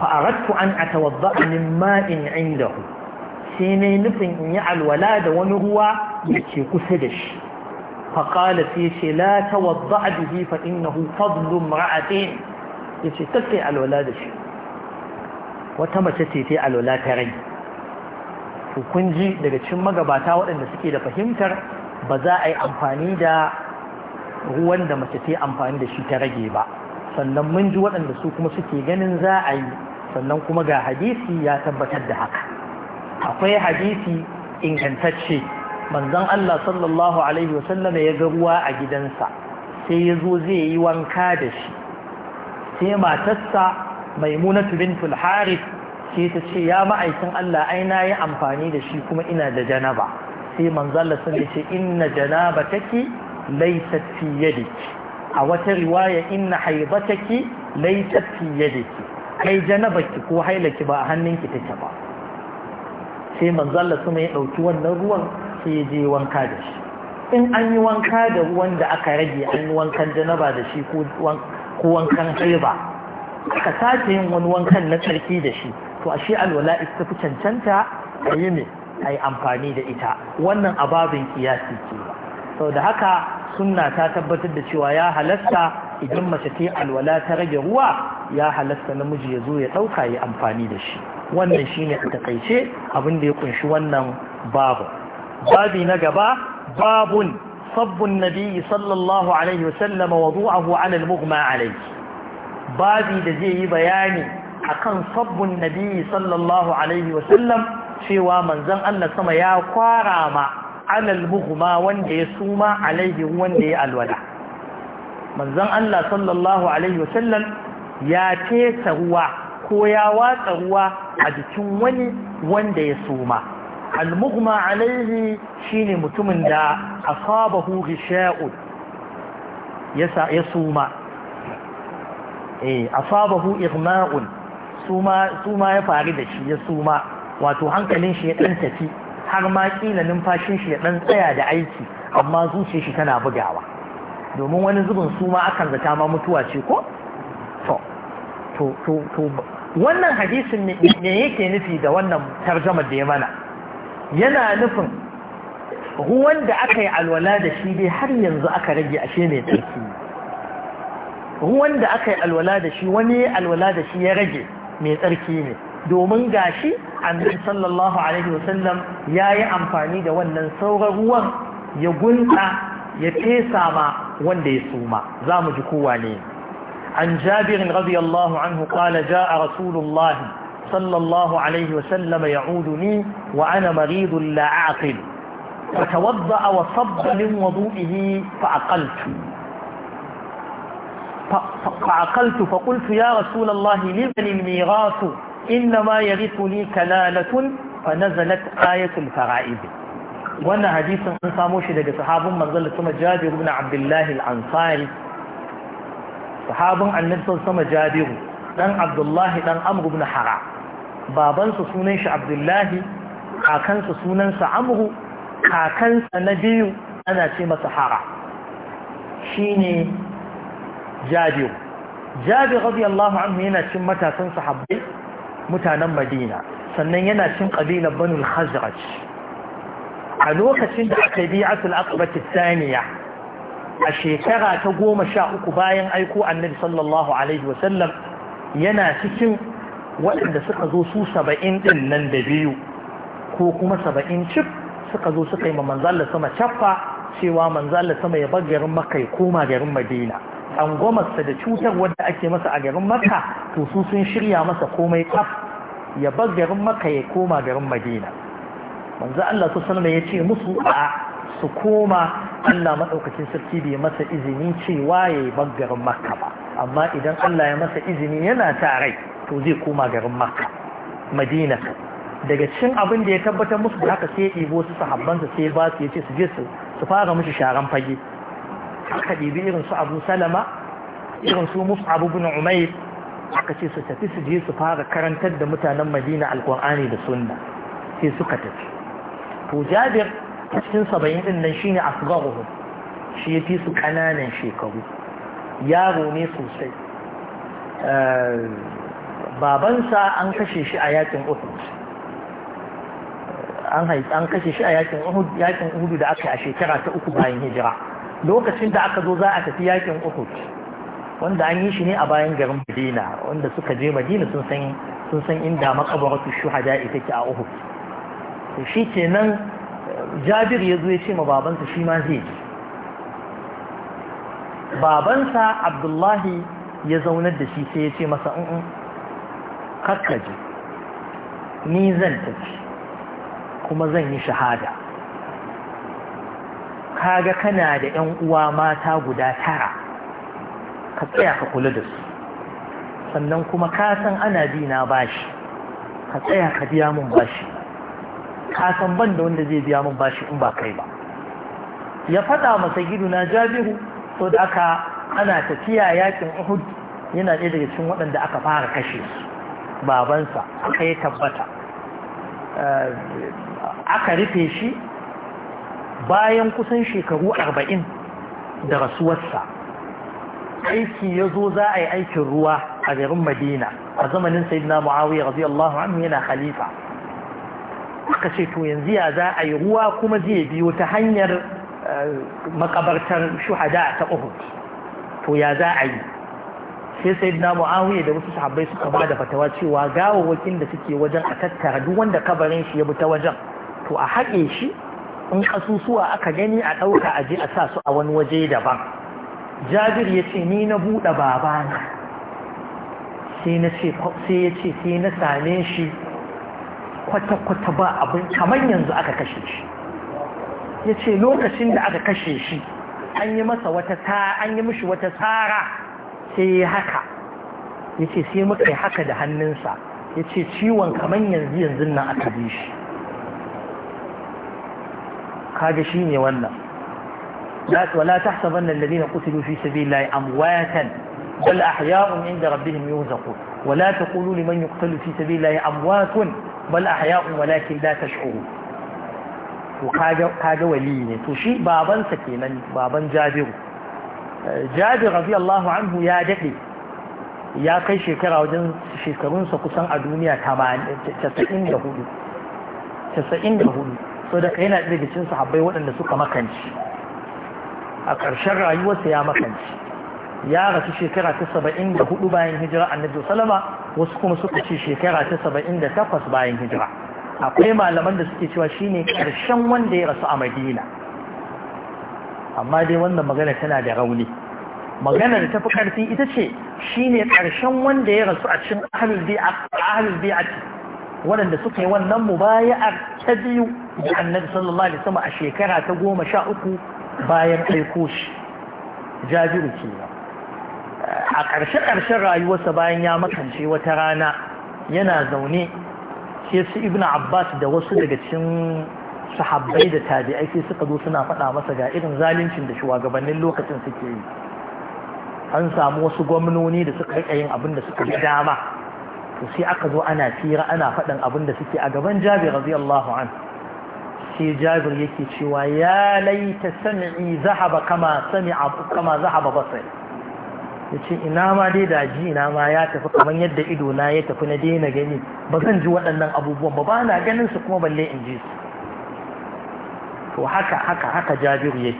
[SPEAKER 1] fa aradtu an a min ma'in indahu sai ne nufin in yi alwala da wani ruwa da ke kusa da shi فقال سيشي لا توضع به فإنه فضل امرأتين يشي تكي على الولاد شيء وتمشتي في على ta ري Hukunji daga cikin magabata waɗanda suke da fahimtar ba za a yi amfani da ruwan da mace ta yi amfani da shi ta rage ba sannan mun ji waɗanda su kuma suke ganin za a yi sannan kuma ga hadisi ya tabbatar da haka akwai hadisi ingantacce manzon Allah sallallahu alaihi wasallam ya ga ruwa a gidansa sai ya zo zai yi wanka da shi sai matarsa mai bintul harith ke ta ce ya ma'aikin Allah aina na yi amfani da shi kuma ina da janaba sai manzon Allah sun ce inna janabataki laysat fi yadiki a wata riwaya inna haibataki laysat fi ke ai janabaki ko hailaki ba a hannunki take ba sai manzon Allah sun ya ɗauki wannan ruwan sai ya je wanka da shi in an yi wanka da ruwan da aka rage an yi wankan janaba da shi ko wankan haiba aka sace yin wani wankan na tsarki da shi to a shi alwala ita fi cancanta a yi mai a yi amfani da ita wannan ababin kiyasi ce sau da haka sunna ta tabbatar da cewa ya halasta idan mace ta alwala ta rage ruwa ya halasta namiji ya zo ya ɗauka ya amfani da shi wannan shi ne a takaice abin da ya kunshi wannan babu babi na gaba babun sabbin nabi sallallahu alaihi wasallam wadu'ahu ala al-mughma alayhi babi da zai yi bayani akan sabbin nabi sallallahu alaihi wasallam cewa manzon Allah sama ya kwara ma ala al-mughma wanda ya suma alaihi wanda ya alwala manzon Allah sallallahu alaihi wasallam ya tesa ruwa ko ya watsa ruwa a jikin wani wanda ya suma almugma mughma alaihi shine mutumin da asabahu ghisha'un yasa ya suma eh asabahu igma'un suma suma ya faru da shi ya suma wato hankalin shi ya dan tafi har ma kila numfashin shi ya dan tsaya da aiki amma zuciyar shi tana bugawa domin wani zubin suma akan zata ma mutuwa ce ko to to to wannan hadisin ne yake nufi da wannan tarjamar da ya mana yana nufin ruwan da aka yi alwala da shi dai har yanzu aka rage ashe mai tsarki ruwan da aka yi alwala da shi wani alwala da shi ya rage mai tsarki ne domin gashi annabi sallallahu alaihi wasallam ya yi amfani da wannan sauran ruwan ya gunta ya fesa ma wanda ya suma zamu ji kowa ne an jabirin radiyallahu anhu qala jaa rasulullahi صلى الله عليه وسلم يعودني وأنا مريض لا أعقل فتوضأ وصب من وضوئه فأقلت فعقلت فقلت يا رسول الله لمن الميراث إنما يرثني كلالة فنزلت آية الفرائض وانا حديث ان سامو شي daga sahabin manzon sama Jabir ibn Abdullah al-Ansari sahabin annabi sama Jabir dan Abdullah dan Amr ibn Hara babansu sunan shi abdullahi sunan sunansa amru kakansa na biyu ana ce masa hara shine jabir jabir radiyallahu anhu yana cin matasan sahabbai mutanen madina sannan yana cin kabilar banul a lokacin da aka bi asul akabati saniya a shekara ta goma sha uku bayan aiko annabi sallallahu alaihi wasallam yana cikin waɗanda suka zo su saba'in ɗin nan da biyu ko kuma saba'in cif suka zo suka yi ma manzala sama cafa cewa manzala sama ya bar garin maka ya koma garin madina an gomarsa da cutar wadda ake masa a garin maka to su sun shirya masa komai kaf ya bar garin makka ya koma garin madina manzo Allah su sallama ya ce musu a su koma Allah madaukakin sarki bai masa izini cewa ya bar garin maka ba amma idan Allah ya masa izini yana ta rai to zai koma garin makka madina daga cikin abin da ya tabbatar musu da haka sai ya sahabban su sai ba su ya ce su je su fara musu sharan fage aka dibi irin su abu salama irin su Mus'ab ibn Umayr aka su tafi su je su fara karantar da mutanen madina alkur'ani da sunna sai suka tafi to jabir cikin saba'in din nan shine asgaruhum shi ya su ƙananan shekaru yaro ne sosai eh, babansa an kashe shi a yakin uhud an kashe shi a yakin uhud yakin uhud da aka a shekara ta uku bayan hijira lokacin da aka zo za a tafi yakin uhud wanda an yi shi ne a bayan garin madina wanda suka je madina sun san sun san inda makabaratu shuhada take a uhud to shi kenan jabir ya zo ya ce ma babansa shi ma zai ji babansa abdullahi ya zaunar da shi sai ya ce masa mm, mm, kakkaje ni zan tafi kuma zan yi shahada kaga kana da 'yan uwa mata guda tara ka tsaya ka kula da su sannan kuma ka san ana dina na bashi ka tsaya ka biya min bashi ka san ban da wanda zai biya min bashi in ba kai ba ya faɗa masa gidu na jabiru so da aka ana tafiya yakin uhud yana ɗaya daga cikin waɗanda aka fara kashe su babansa aka yi tabbata eh, aka rufe shi bayan kusan shekaru arba'in da rasuwarsa aiki ya zo za a yi aikin ruwa a garin madina a zamanin sayidina mu'awiyar radiyallahu anhu yana khalifa aka ce to yanzu ya za a yi ruwa kuma zai biyo ta hanyar eh, makabartar shuhada ta uhud to ya za a yi sai sai na mu'awiyya da wasu sahabbai suka ba da fatawa cewa gawawwakin da suke wajen a tattara duk wanda kabarin shi ya bi ta wajen to a haƙe shi in kasusuwa aka gani a ɗauka a je a sa su a wani waje daban jabir ya ce ni na buɗe babana sai ya ce sai na same shi kwata-kwata ba abin kamar yanzu aka kashe shi ya ce lokacin da aka kashe shi an yi masa wata wata tsara sai yi haka ya ce sai muka yi haka da hannunsa ya ce ciwon kamar yanzu yanzu nan aka bi shi kaga shi ne wannan wala ta saban nan lalina kutulu fi sabi lai amwatan bal ahya'un inda rabbihim yurzaqun wala taqulu liman yuqtalu fi sabi lai amwatun bal ahya'un walakin la tash'urun to kaga kaga wali ne to shi babansa kenan baban Jabiru jabir radiyallahu anhu ya daɗe ya kai shekara wajen shekarunsa kusan a duniya 94 so da yana ɗaya da cin sahabbai waɗanda suka makanci a ƙarshen rayuwarsa ya makanci ya rasu shekara ta 74 bayan hijira annabi salama wasu kuma suka ce shekara ta 78 bayan hijira akwai malaman da suke cewa shine ƙarshen wanda ya rasu a madina amma dai wannan magana tana da rauni maganar da tafi ƙarfi ita ce shi ne karshen wanda ya rasu a cikin ahlul bi'at waɗanda suka yi wannan mubaya'ar ta biyu da annabi sallallahu alaihi wasallam a shekara ta goma sha uku bayan aiko shi jabiru kenan a ƙarshe ƙarshen rayuwarsa bayan ya makance wata rana yana zaune sai su ibn abbas da wasu daga cikin sahabbai da tabi'ai sai suka zo suna faɗa masa ga irin zaluncin da shugabannin lokacin suke yi an samu wasu gwamnoni da suka riƙa yin abin da suka yi dama to sai aka zo ana fira ana faɗin abin da suke a gaban jabir radiyallahu an sai jabir yake cewa ya laita sami'i zahaba kama sami'a kama zahaba basai yace ina ma dai da ji ina ma ya tafi kamar yadda ido na ya tafi na daina gani ba zan ji waɗannan abubuwan ba ba na ganin su kuma balle in ji su to haka haka haka jabiru yake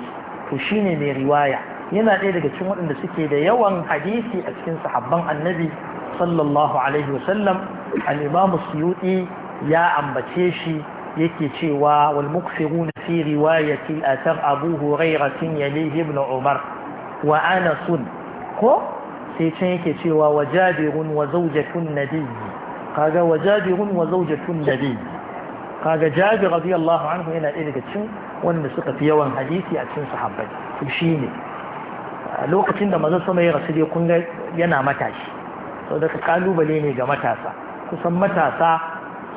[SPEAKER 1] to shine mai riwaya yana ɗaya daga cikin waɗanda suke da yawan hadisi a cikin sahabban annabi sallallahu alaihi wasallam al-imam suyuti ya ambace shi yake cewa wal muksiruna fi riwayati athar abu huraira hurairah yalihi ibn umar wa anas ko sai can yake cewa wa jabirun wa zawjatun nabiy kaga wa jabirun wa zawjatun nabiy kaga jabir radiyallahu anhu yana ɗaya daga cikin wanda suka fi yawan hadisi a cikin sahabbai to shine lokacin da mazan sama ya rasu dai kun ga yana matashi sau daga kalubale ne ga matasa kusan matasa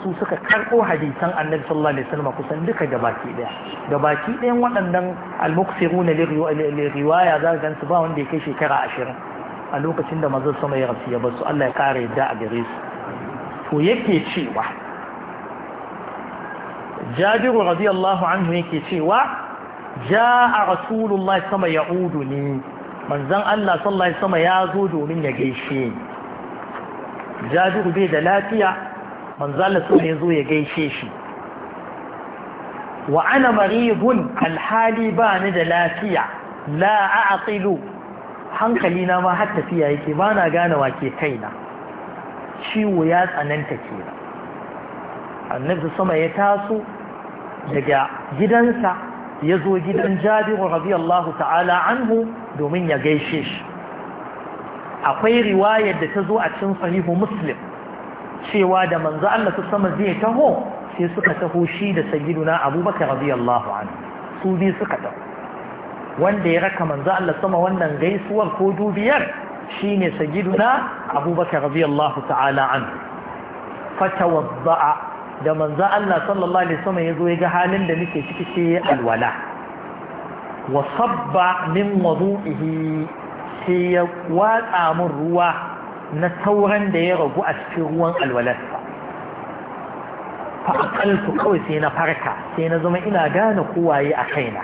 [SPEAKER 1] su suka karɓo hadisan annabi sallallahu alaihi wasallam kusan duka gabaki daya gabaki ɗayan waɗannan al-muksiruna riwaya za ga ba wanda ya kai shekara ashirin a lokacin da mazan sama ya rasu ya basu Allah ya kare yadda a gare su to yake cewa jabiru radiyallahu anhu yake cewa ja'a rasulullahi sama ya'udu ne manzon Allah sallallahu alaihi sama ya zo domin ya gaishe jabiru bai da lafiya manzon Allah sama ya zo ya gaishe shi wa ana maridun alhali ba ni da lafiya la a'qilu hankali na ma har tafiya yake ba na gane wake kaina ciwo ya tsananta kenan annabi sama ya taso daga gidansa ya zo gidan jabiru radiyallahu ta'ala anhu domin ya gaishe shi akwai riwayar da ta zo a cin sahihu muslim cewa da manzo Allah ta sama zai taho sai suka taho shi da sayyiduna abubakar radiyallahu anhu su biyu suka taho wanda ya raka manzo Allah sama wannan gaisuwar ko dubiyar shine sayyiduna abubakar radiyallahu ta'ala anhu fatawadda'a da manzo Allah sallallahu alaihi wasallam ya zo ya ga halin da muke ciki sai alwala wa sabba min wudu'ihi sai ya watsa mun ruwa na tauran da ya ragu a cikin ruwan alwalarsa fa aqaltu kawai sai na farka sai na zama ina gane kowaye a kaina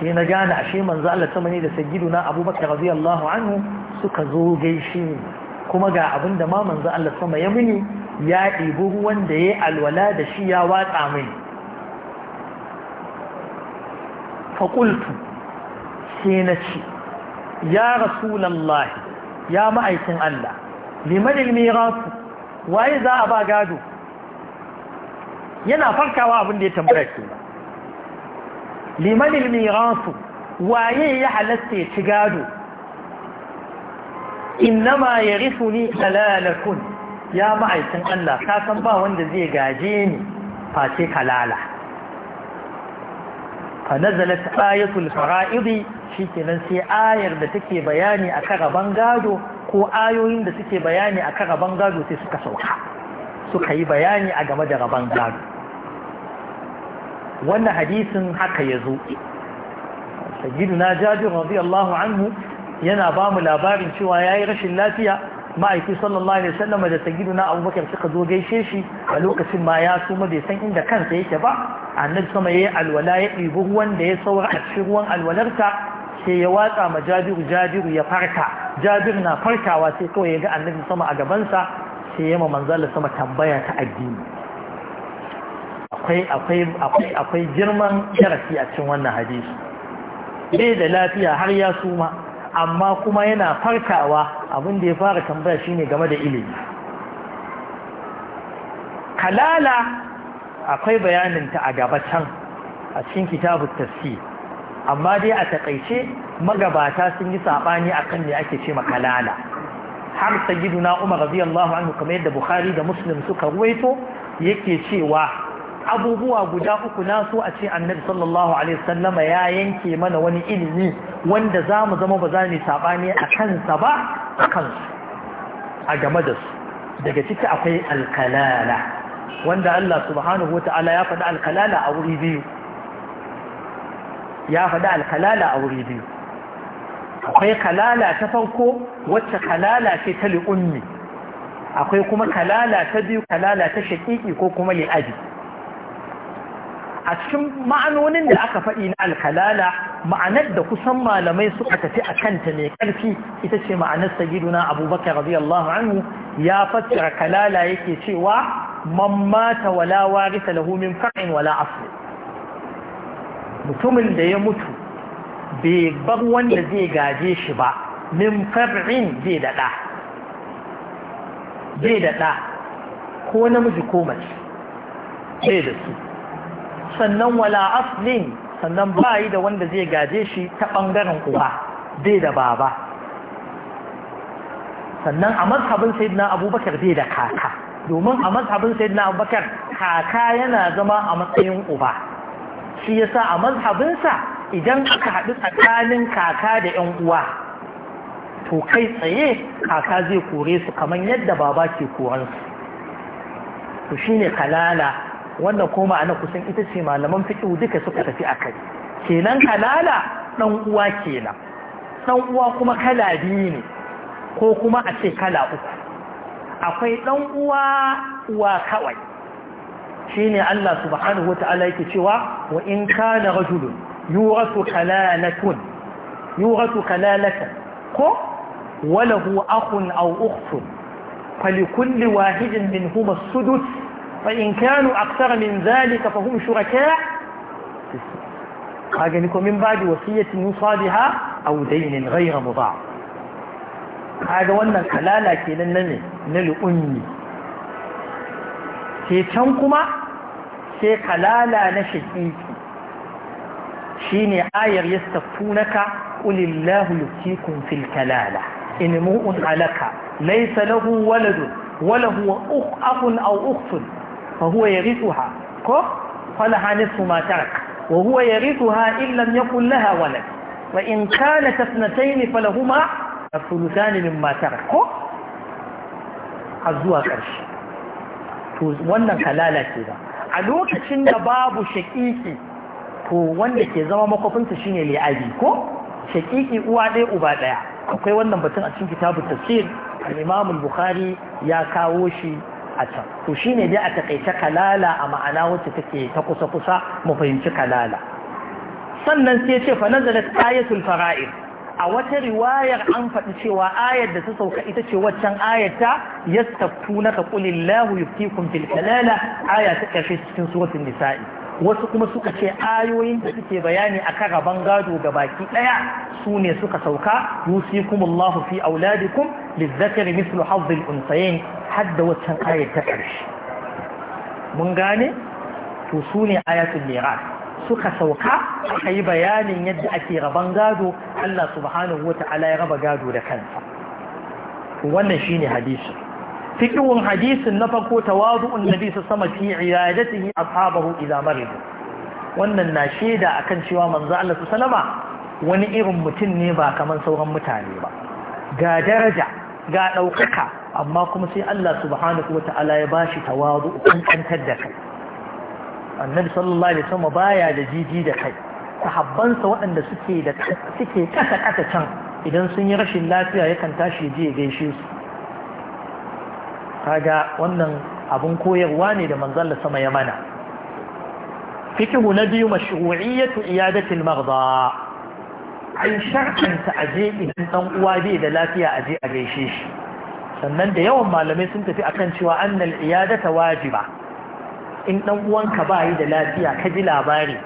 [SPEAKER 1] sai na gane ashe manzo Allah ta mani da Abu Abubakar radiyallahu anhu suka zo gaishe kuma ga abinda ma manzo Allah sama ya muni ya ɗibi ruwan da ya alwala da shi ya watsa mai faƙultu sai na ce ya rasulallah ya ma'aikin Allah limanin miratu waye za a ba gado yana farkawa abin da ya tambaya ke ba limanin miratu waye ya halasta ya ci gado innama ya risu ni halalakun ya ma'aikin Allah ka san ba wanda zai gaje ni face kalala fa nazalat ayatul fara'idi shikenan sai ayar da take bayani a karaban gado ko ayoyin da suke bayani a karaban gado sai suka sauka suka yi bayani a game da raban gado wannan hadisin haka ya zo na jabir radiyallahu anhu yana ba mu labarin cewa yayi rashin lafiya ma'aiki sallallahu alaihi wasallam da na abubakar suka zo gaishe shi a lokacin ma ya suma bai san inda kansa yake ba annabi sama yayi alwala ya ɗibi ruwan da ya saura a cikin ruwan alwalarta sai ya watsa ma jabiru jabiru ya farka jabiru na farkawa sai kawai ya ga annabi sama a gabansa sai ya ma manzala sama tambaya ta addini akwai akwai akwai akwai girman darasi a cikin wannan hadisi bai da lafiya har ya suma amma kuma yana farkawa abin da ya fara tambaya shi ne game da ilimi kalala akwai bayanin ta a gaba can a cikin kitabun tafsi amma dai a takaice magabata sun yi saɓani akan ne ake ce ma makalala har na Umar radiyallahu anhu kamar yadda Bukhari da Muslim suka ruwaito yake cewa abubuwa guda uku nasu a ce annabi sallallahu alaihi wasallama ya yanke mana wani ilimi wanda za mu zama ba za mu saɓani a kansa ba a kansu a game da su daga ciki akwai alkalala wanda Allah subhanahu wa ta'ala ya faɗi alkalala a wuri biyu ya faɗi alkalala a wuri biyu akwai kalala ta farko wacce kalala ce ta li'ummi akwai kuma kalala ta biyu kalala ta shaƙiƙi ko kuma li'aji a cikin ma'anonin da aka faɗi na alkalala ma'anar da kusan malamai suka tafi a kanta mai ƙarfi ita ce ma'anar sagiduna abubakar radiyallahu anhu ya fassara kalala yake cewa man mata wala warisa lahu min far'in wala asli mutumin da ya mutu bai bar wanda zai gaje shi ba min far'in zai daɗa zai daɗa ko namiji ko mace zai da su sannan wala aslin sannan ba yi da wanda zai gaje shi ta ɓangaren uba bai da baba sannan a mazhabin sayyidina abubakar bai da kaka domin a mazhabin sayyidina abubakar kaka yana zama a matsayin uba shi yasa a mazhabinsa idan aka haɗu tsakanin kaka da 'yan uwa to kai tsaye kaka zai kore su kamar yadda baba ke koransu to shine kalala wannan ko ma'ana kusan ita ce malaman fiƙihu duka suka tafi a kai kenan halala ɗan uwa kenan ɗan uwa kuma kala biyu ne ko kuma a ce kala uku akwai ɗan uwa uwa kawai shine Allah subhanahu ta'ala yake cewa wa in kana rajulun yuratu kalalatun yuratu kalalatan ko walahu akhun aw ukhtun falikulli wahidin minhum as-sudus فإن كانوا أكثر من ذلك فهم شركاء في أجنكم من بعد وصية يوصى بها أو دين غير مضاع. هذا وانا الحلالة كي لنمي نلؤني كي تنكما كي حلالة نشهيك شيني آير يستفونك قل الله يبتيكم في الكلالة إن مرء علك ليس له ولد وله أخ أخ أو أخ fa huwa yarithuha ko falaha nisfu ma taraka wa huwa yarithuha in lam yakun laha walad wa in kanat ithnatayn falahuma thuluthan mimma taraka ko zuwa ƙarshe to wannan kalala ke ba a lokacin da babu shakiki to wanda ke zama makwafinta shine li'abi ko shakiki uwa ɗaya uba ɗaya akwai wannan batun a cikin kitabu tafsir al-imam bukhari ya kawo shi a to shine dai a takaice kalala a ma'ana wacce take ta kusa kusa mu fahimci kalala sannan sai ce fa nazalat ayatul fara'id a wata riwayar an faɗi cewa ayar da ta sauka ita ce waccan ayar ta yastaftunaka qulillahu yuftikum fil kalala aya ta karshe cikin suratul nisa'i wasu kuma suka ce ayoyin da suke bayani a rabon gado ga baki ɗaya su ne suka sauka yusikum Allahu fi auladikum lizzakari mislu hazzil unsayin da waccan ayar ta ƙarshe mun gane to su ne ayatul miras suka sauka aka yi bayanin yadda ake rabon gado Allah subhanahu wa ta'ala ya raba gado da kansa wannan shine hadisi fiqhun hadisin na farko tawadu'un nabi sama fi iyadatihi ashabahu idza maridu wannan na shaida a kan cewa manzo Allah sallama wani irin mutum ne ba kamar sauran mutane ba ga daraja ga ɗaukaka amma kuma sai Allah subhanahu wata'ala ya bashi tawadu'u kantar da kai annabi sallallahu alaihi wasallam baya da jiji da kai sahabbansa waɗanda suke da suke kasa kasa can idan sun yi rashin lafiya yakan tashi je ya gaishe su kaga wannan abun koyarwa ne da manzalla sama ya mana fikihu na biyu mashru'iyyatu iyadatil maghda an shar'anta aje idan dan uwa bai da lafiya aje a gaishe shi sannan da yawan malamai sun tafi akan cewa annal iyadata wajiba in dan uwanka ba yi da lafiya ka ji labari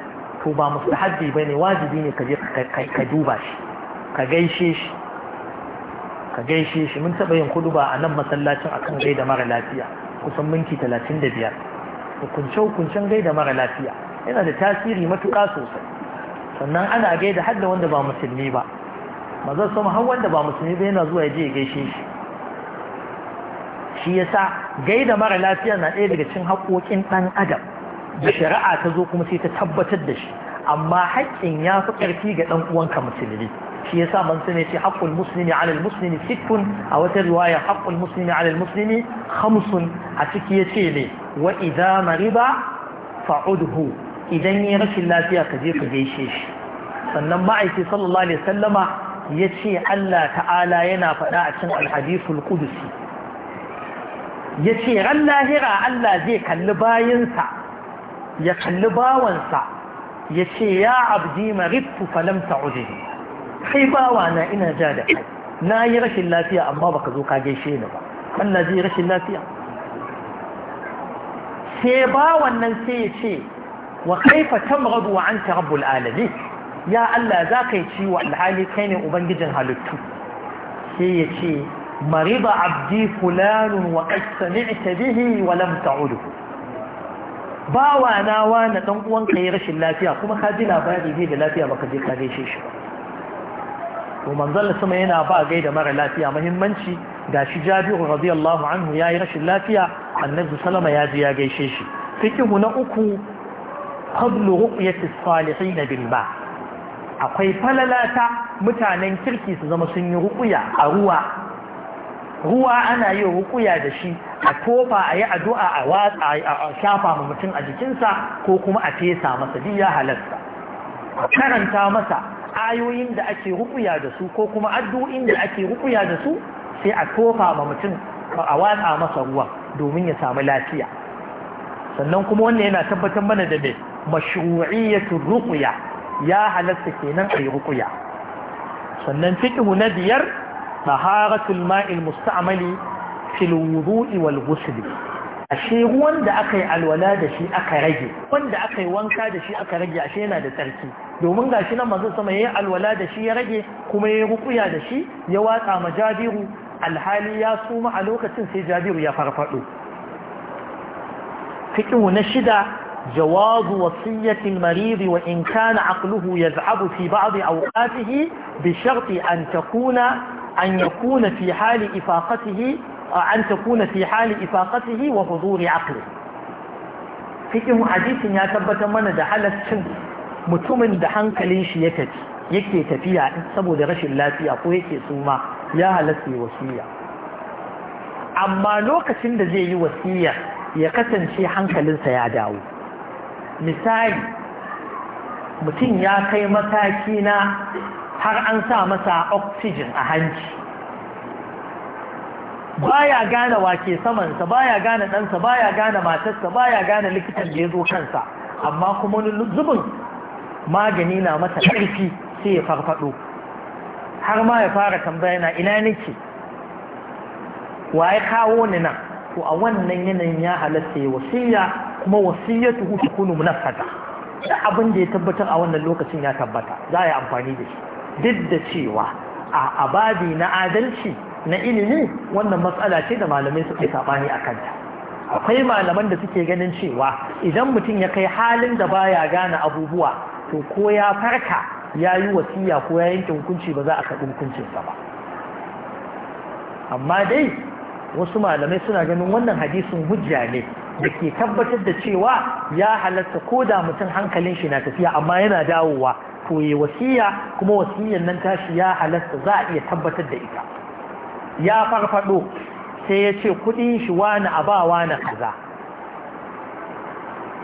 [SPEAKER 1] to ba mustahabbi bane wajibi ne ka je ka duba shi ka gaishe shi ka gaishe shi mun taɓa yin ba a nan masallacin akan gaida mara lafiya kusan minti talatin da biyar hukunce-hukuncen gaida mara lafiya yana da tasiri matuƙa sosai sannan ana gaida hadda wanda ba musulmi ba mazan sama har wanda ba musulmi ba yana zuwa ya je ya gaishe shi shi yasa gaida mara lafiya na ɗaya daga cikin haƙoƙin ɗan adam da shari'a ta zo kuma sai ta tabbatar da shi amma haƙƙin ya fi ƙarfi ga ɗan uwanka musulmi shi yasa man sun ce haqqul muslimi 'ala al-muslimi sittun a wata riwaya haqqul muslimi 'ala al-muslimi khamsun a ciki yace ne wa idza mariba fa'udhu idan ya rashin lafiya ka je ka gaishe shi sannan ma'aiki sallallahu alaihi wasallama yace Allah ta'ala yana faɗa a cikin al-hadithul qudsi yace ran lahira Allah zai kalli bayinsa ya kalli bawansa yace ya abdi maribtu falam ta'udhu kai bawa na ina ja da kai na yi rashin lafiya amma baka zo ka gaishe ni ba Allah zai rashin lafiya sai bawan nan sai ya ce wa kaifa tamghadu wa anta rabbul alamin ya Allah za ka yi ciwo alhali kai ne ubangijin halittu sai ya ce mariba abdi fulanun wa qad sami'ta bihi wa lam ta'udu bawa na ɗan dan uwanka ya rashin lafiya kuma ka ji labari bai da lafiya baka je ka gaishe shi ba to manzon sama yana ba gaida mara lafiya muhimmanci ga shi jabi'u radiyallahu anhu yi rashin lafiya annabi sallama ya ji ya gaishe shi fikihu na uku qablu ru'yati salihin bil ba akwai falalata mutanen kirki su zama sun yi ruqya a ruwa ruwa ana yi ruqya da shi a kofa a yi addu'a a watsa a shafa ma mutum a jikinsa ko kuma a fesa masa duk ya halarta karanta masa ayoyin da ake rukuya da su ko kuma addu'o'in da ake rukuya da su sai a tofa ma mutum a watsa masa ruwa domin ya samu lafiya sannan kuma wannan yana tabbatar mana da mai mashru'iyyatu ruqya ya halatta kenan yi rukuya sannan fiqhu na biyar taharatul ma'il musta'mali fil wudu'i wal ghusl ashe wanda aka yi alwala da shi aka rage wanda aka yi wanka da shi aka rage ashe yana da tsarki domin ga shi nan manzo sama yayi alwala da shi ya rage kuma ya yi rukuya da shi ya watsa ma jabiru alhali ya suma a lokacin sai jabiru ya farfado fiqhu na shida جواز وصية المريض وإن كان عقله يذعب في بعض أوقاته بشرط أن تكون أن يكون في حال إفاقته an takuna fi hali ifaqatihi wa huduri aqli cikin hadisin ya tabbatar mana da halaccin mutumin da hankalin shi yake yake tafiya saboda rashin lafiya ko yake suma ya halatta wasiya amma lokacin da zai yi wasiya ya kasance hankalinsa ya dawo misali mutum ya kai mataki na har an sa masa oxygen a hanci baya gane wake samansa baya gane ɗansa baya gane matarsa baya gane likitan da ya zo kansa amma kuma wani zubin magani na mata ƙarfi sai ya farfaɗo har ma ya fara tambaya na ina nake wa ya kawo ni nan to a wannan yanayin ya halatta ya wasiya kuma wasiyatu hu kunu munafata da abin da ya tabbatar a wannan lokacin ya tabbata za a yi amfani da shi duk da cewa a ababi na adalci na ilimi wannan matsala ce da malamai suke sabani a kanta akwai malaman da suke ganin cewa idan mutum ya kai halin da baya gane abubuwa to ko ya farka ya yi wasiya ko ya yanke hukunci ba za a karɓi hukuncinsa ba amma dai wasu malamai suna ganin wannan hadisin hujja ne da ke tabbatar da cewa ya halatta ko da mutum hankalin shi na tafiya amma yana dawowa to yi wasiya kuma wasiyan nan tashi ya halatta za a iya tabbatar da ita ya farfado sai ya ce kudin shi wani abawa na kaza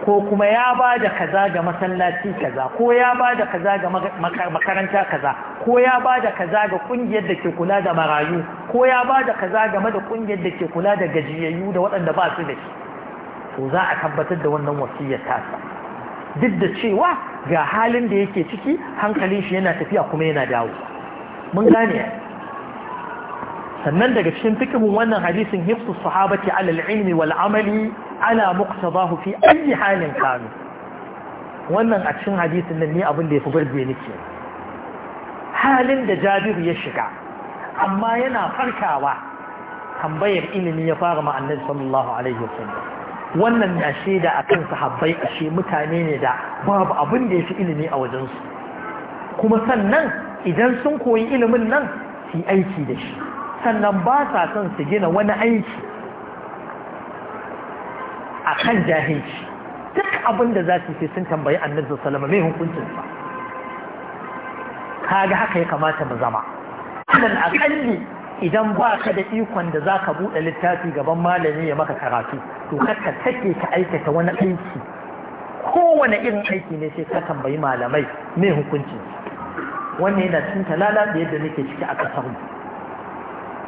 [SPEAKER 1] ko kuma ya ba da kaza ga masallaci kaza ko ya ba da kaza ga makaranta kaza ko ya ba da kaza ga kungiyar da ke kula da marayu ko ya ba da kaza game da kungiyar da ke kula da gajiyayyu da waɗanda ba su da shi to za a tabbatar da wannan wasiyar tasa duk da cewa ga halin da yake ciki hankalin shi yana tafiya kuma yana dawo mun gane sannan daga cikin fikihun wannan hadisin hifsu sahabati ala ilmi wal amali ala muqtadahu fi ayi halin kanu wannan a cikin hadisin nan ne abin da ya fi burge niki. halin da jabiru ya shiga amma yana farkawa tambayar ilimi ya fara ma annabi sallallahu alaihi wasallam wannan na shaida akan sahabbai ashe mutane ne da babu abin da ya fi ilimi a wajensu kuma sannan idan sun koyi ilimin nan su aiki da shi sannan ba sa son su gina wani aiki a kan jahilci duk abin da za su sai sun tambayi annabi salama mai hukuncinsa kaga haka ya kamata mu zama a kalli idan ba ka da ikon da za ka buɗe littafi gaban malami ya maka karatu to ka take ka aikata wani aiki kowane irin aiki ne sai ka tambayi malamai mai hukuncin wannan yana cin talala da yadda nake ciki a ƙasar mu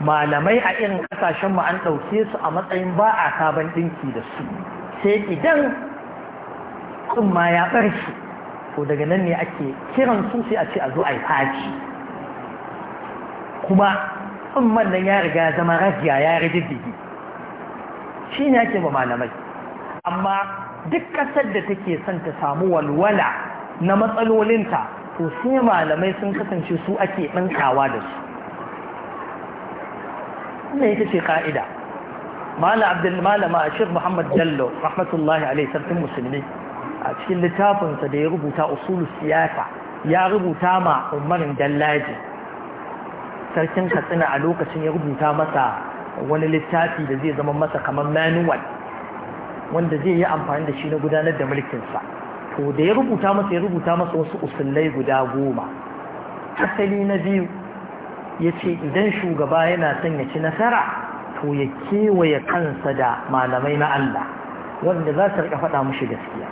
[SPEAKER 1] malamai a irin kasashen mu an ɗauke su a matsayin ba a sabon ɗinki da su sai idan tsumma ya ɓarshi to daga nan ne ake kiran su sai a ce a zo a yi kuma tsumman nan ya riga zama rajiya ya rijiddigi shi ne ake ba malamai amma duk ƙasar da take son ta samu walwala na matsalolinta to sai malamai sun kasance su ake ɗinkawa da su wannan ita ce ka'ida malama a shir muhammad jallo rahmatullahi alaihi sarkin musulmi a cikin littafinsa da ya rubuta usulu siyasa ya rubuta ma umarin dallaji sarkin katsina a lokacin ya rubuta masa wani littafi da zai zama masa kamar manual wanda zai yi amfani da shi na gudanar da mulkinsa to da ya rubuta masa ya rubuta masa wasu usulai guda goma asali na biyu ya ce idan shugaba yana son ya ci nasara to ya kewaye kansa da malamai na Allah wanda za su rika faɗa mushi gaskiya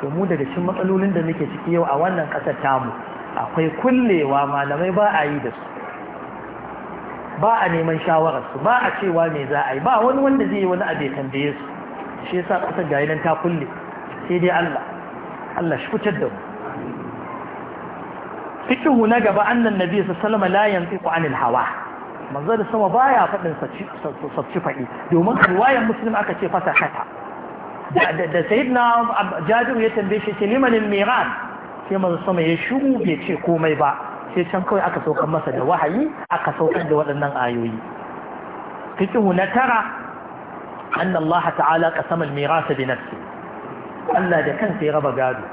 [SPEAKER 1] to mu daga cikin matsalolin da muke ciki yau a wannan ƙasar tamu akwai kullewa malamai ba a yi da su ba a neman shawarar su ba a cewa me za a yi ba wani wanda zai yi wani abu ya tambaye su shi yasa ƙasar ga nan ta kulle sai dai Allah Allah shi fitar da mu fiqhu na gaba annan nabi sallallahu la yantiqu anil hawa manzo da sama baya fadin sacci fadi domin riwayar muslim aka ce fasa kata da sayyidina jabir ya tambaye shi ce liman al-miran sai manzo sama ya shiru bai ce komai ba sai can kawai aka saukar masa da wahayi aka saukar da waɗannan ayoyi fiqhu na tara anna Allah ta'ala qasama al-miras bi nafsi Allah da kansa ya raba gado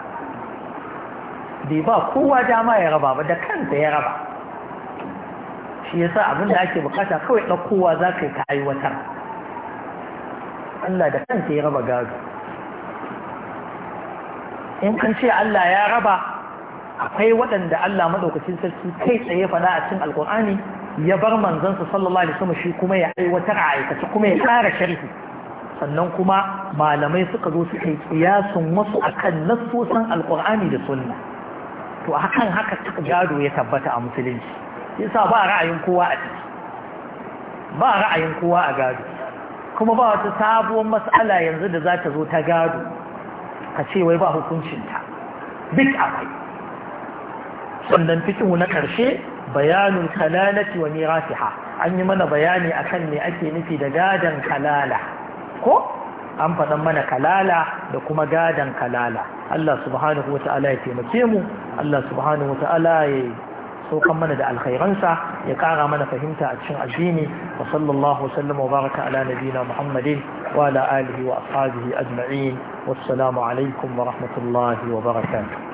[SPEAKER 1] bai ba kowa dama ya raba ba da kansa ya raba shi ya sa abinda ake bukata kawai ɗaukowa za ka yi ka aiwatar Allah da kansa ya raba gado in kan ce Allah ya raba akwai waɗanda Allah maɗaukacin sarki kai tsaye faɗa a cikin alƙur'ani ya bar manzansa sallallahu alaihi wasallam shi kuma ya aiwatar a aikace kuma ya tsara sharhi sannan kuma malamai suka zo su yi kiyasin wasu akan nassosan alƙur'ani da sunna to hakan haka gado ya tabbata a musulunci yasa ba ra'ayin kowa a ciki ba ra'ayin kowa a gado kuma ba wata sabuwar mas'ala yanzu da za ta zo ta gado ka ce wai ba hukuncinta duk akwai sannan fikihu na ƙarshe bayanin kalalati wa mirasiha an yi mana bayani akan me ake nufi da gadon kalala ko an faɗan mana kalala da kuma gadan kalala Allah subhanahu wa ta'ala ya taimake mu Allah subhanahu wa ta'ala ya saukan mana da alkhairansa ya kara mana fahimta a cikin addini wa sallallahu sallama wa baraka ala nabina muhammadin wa ala alihi wa ashabihi ajma'in wassalamu alaikum wa rahmatullahi wa barakatuh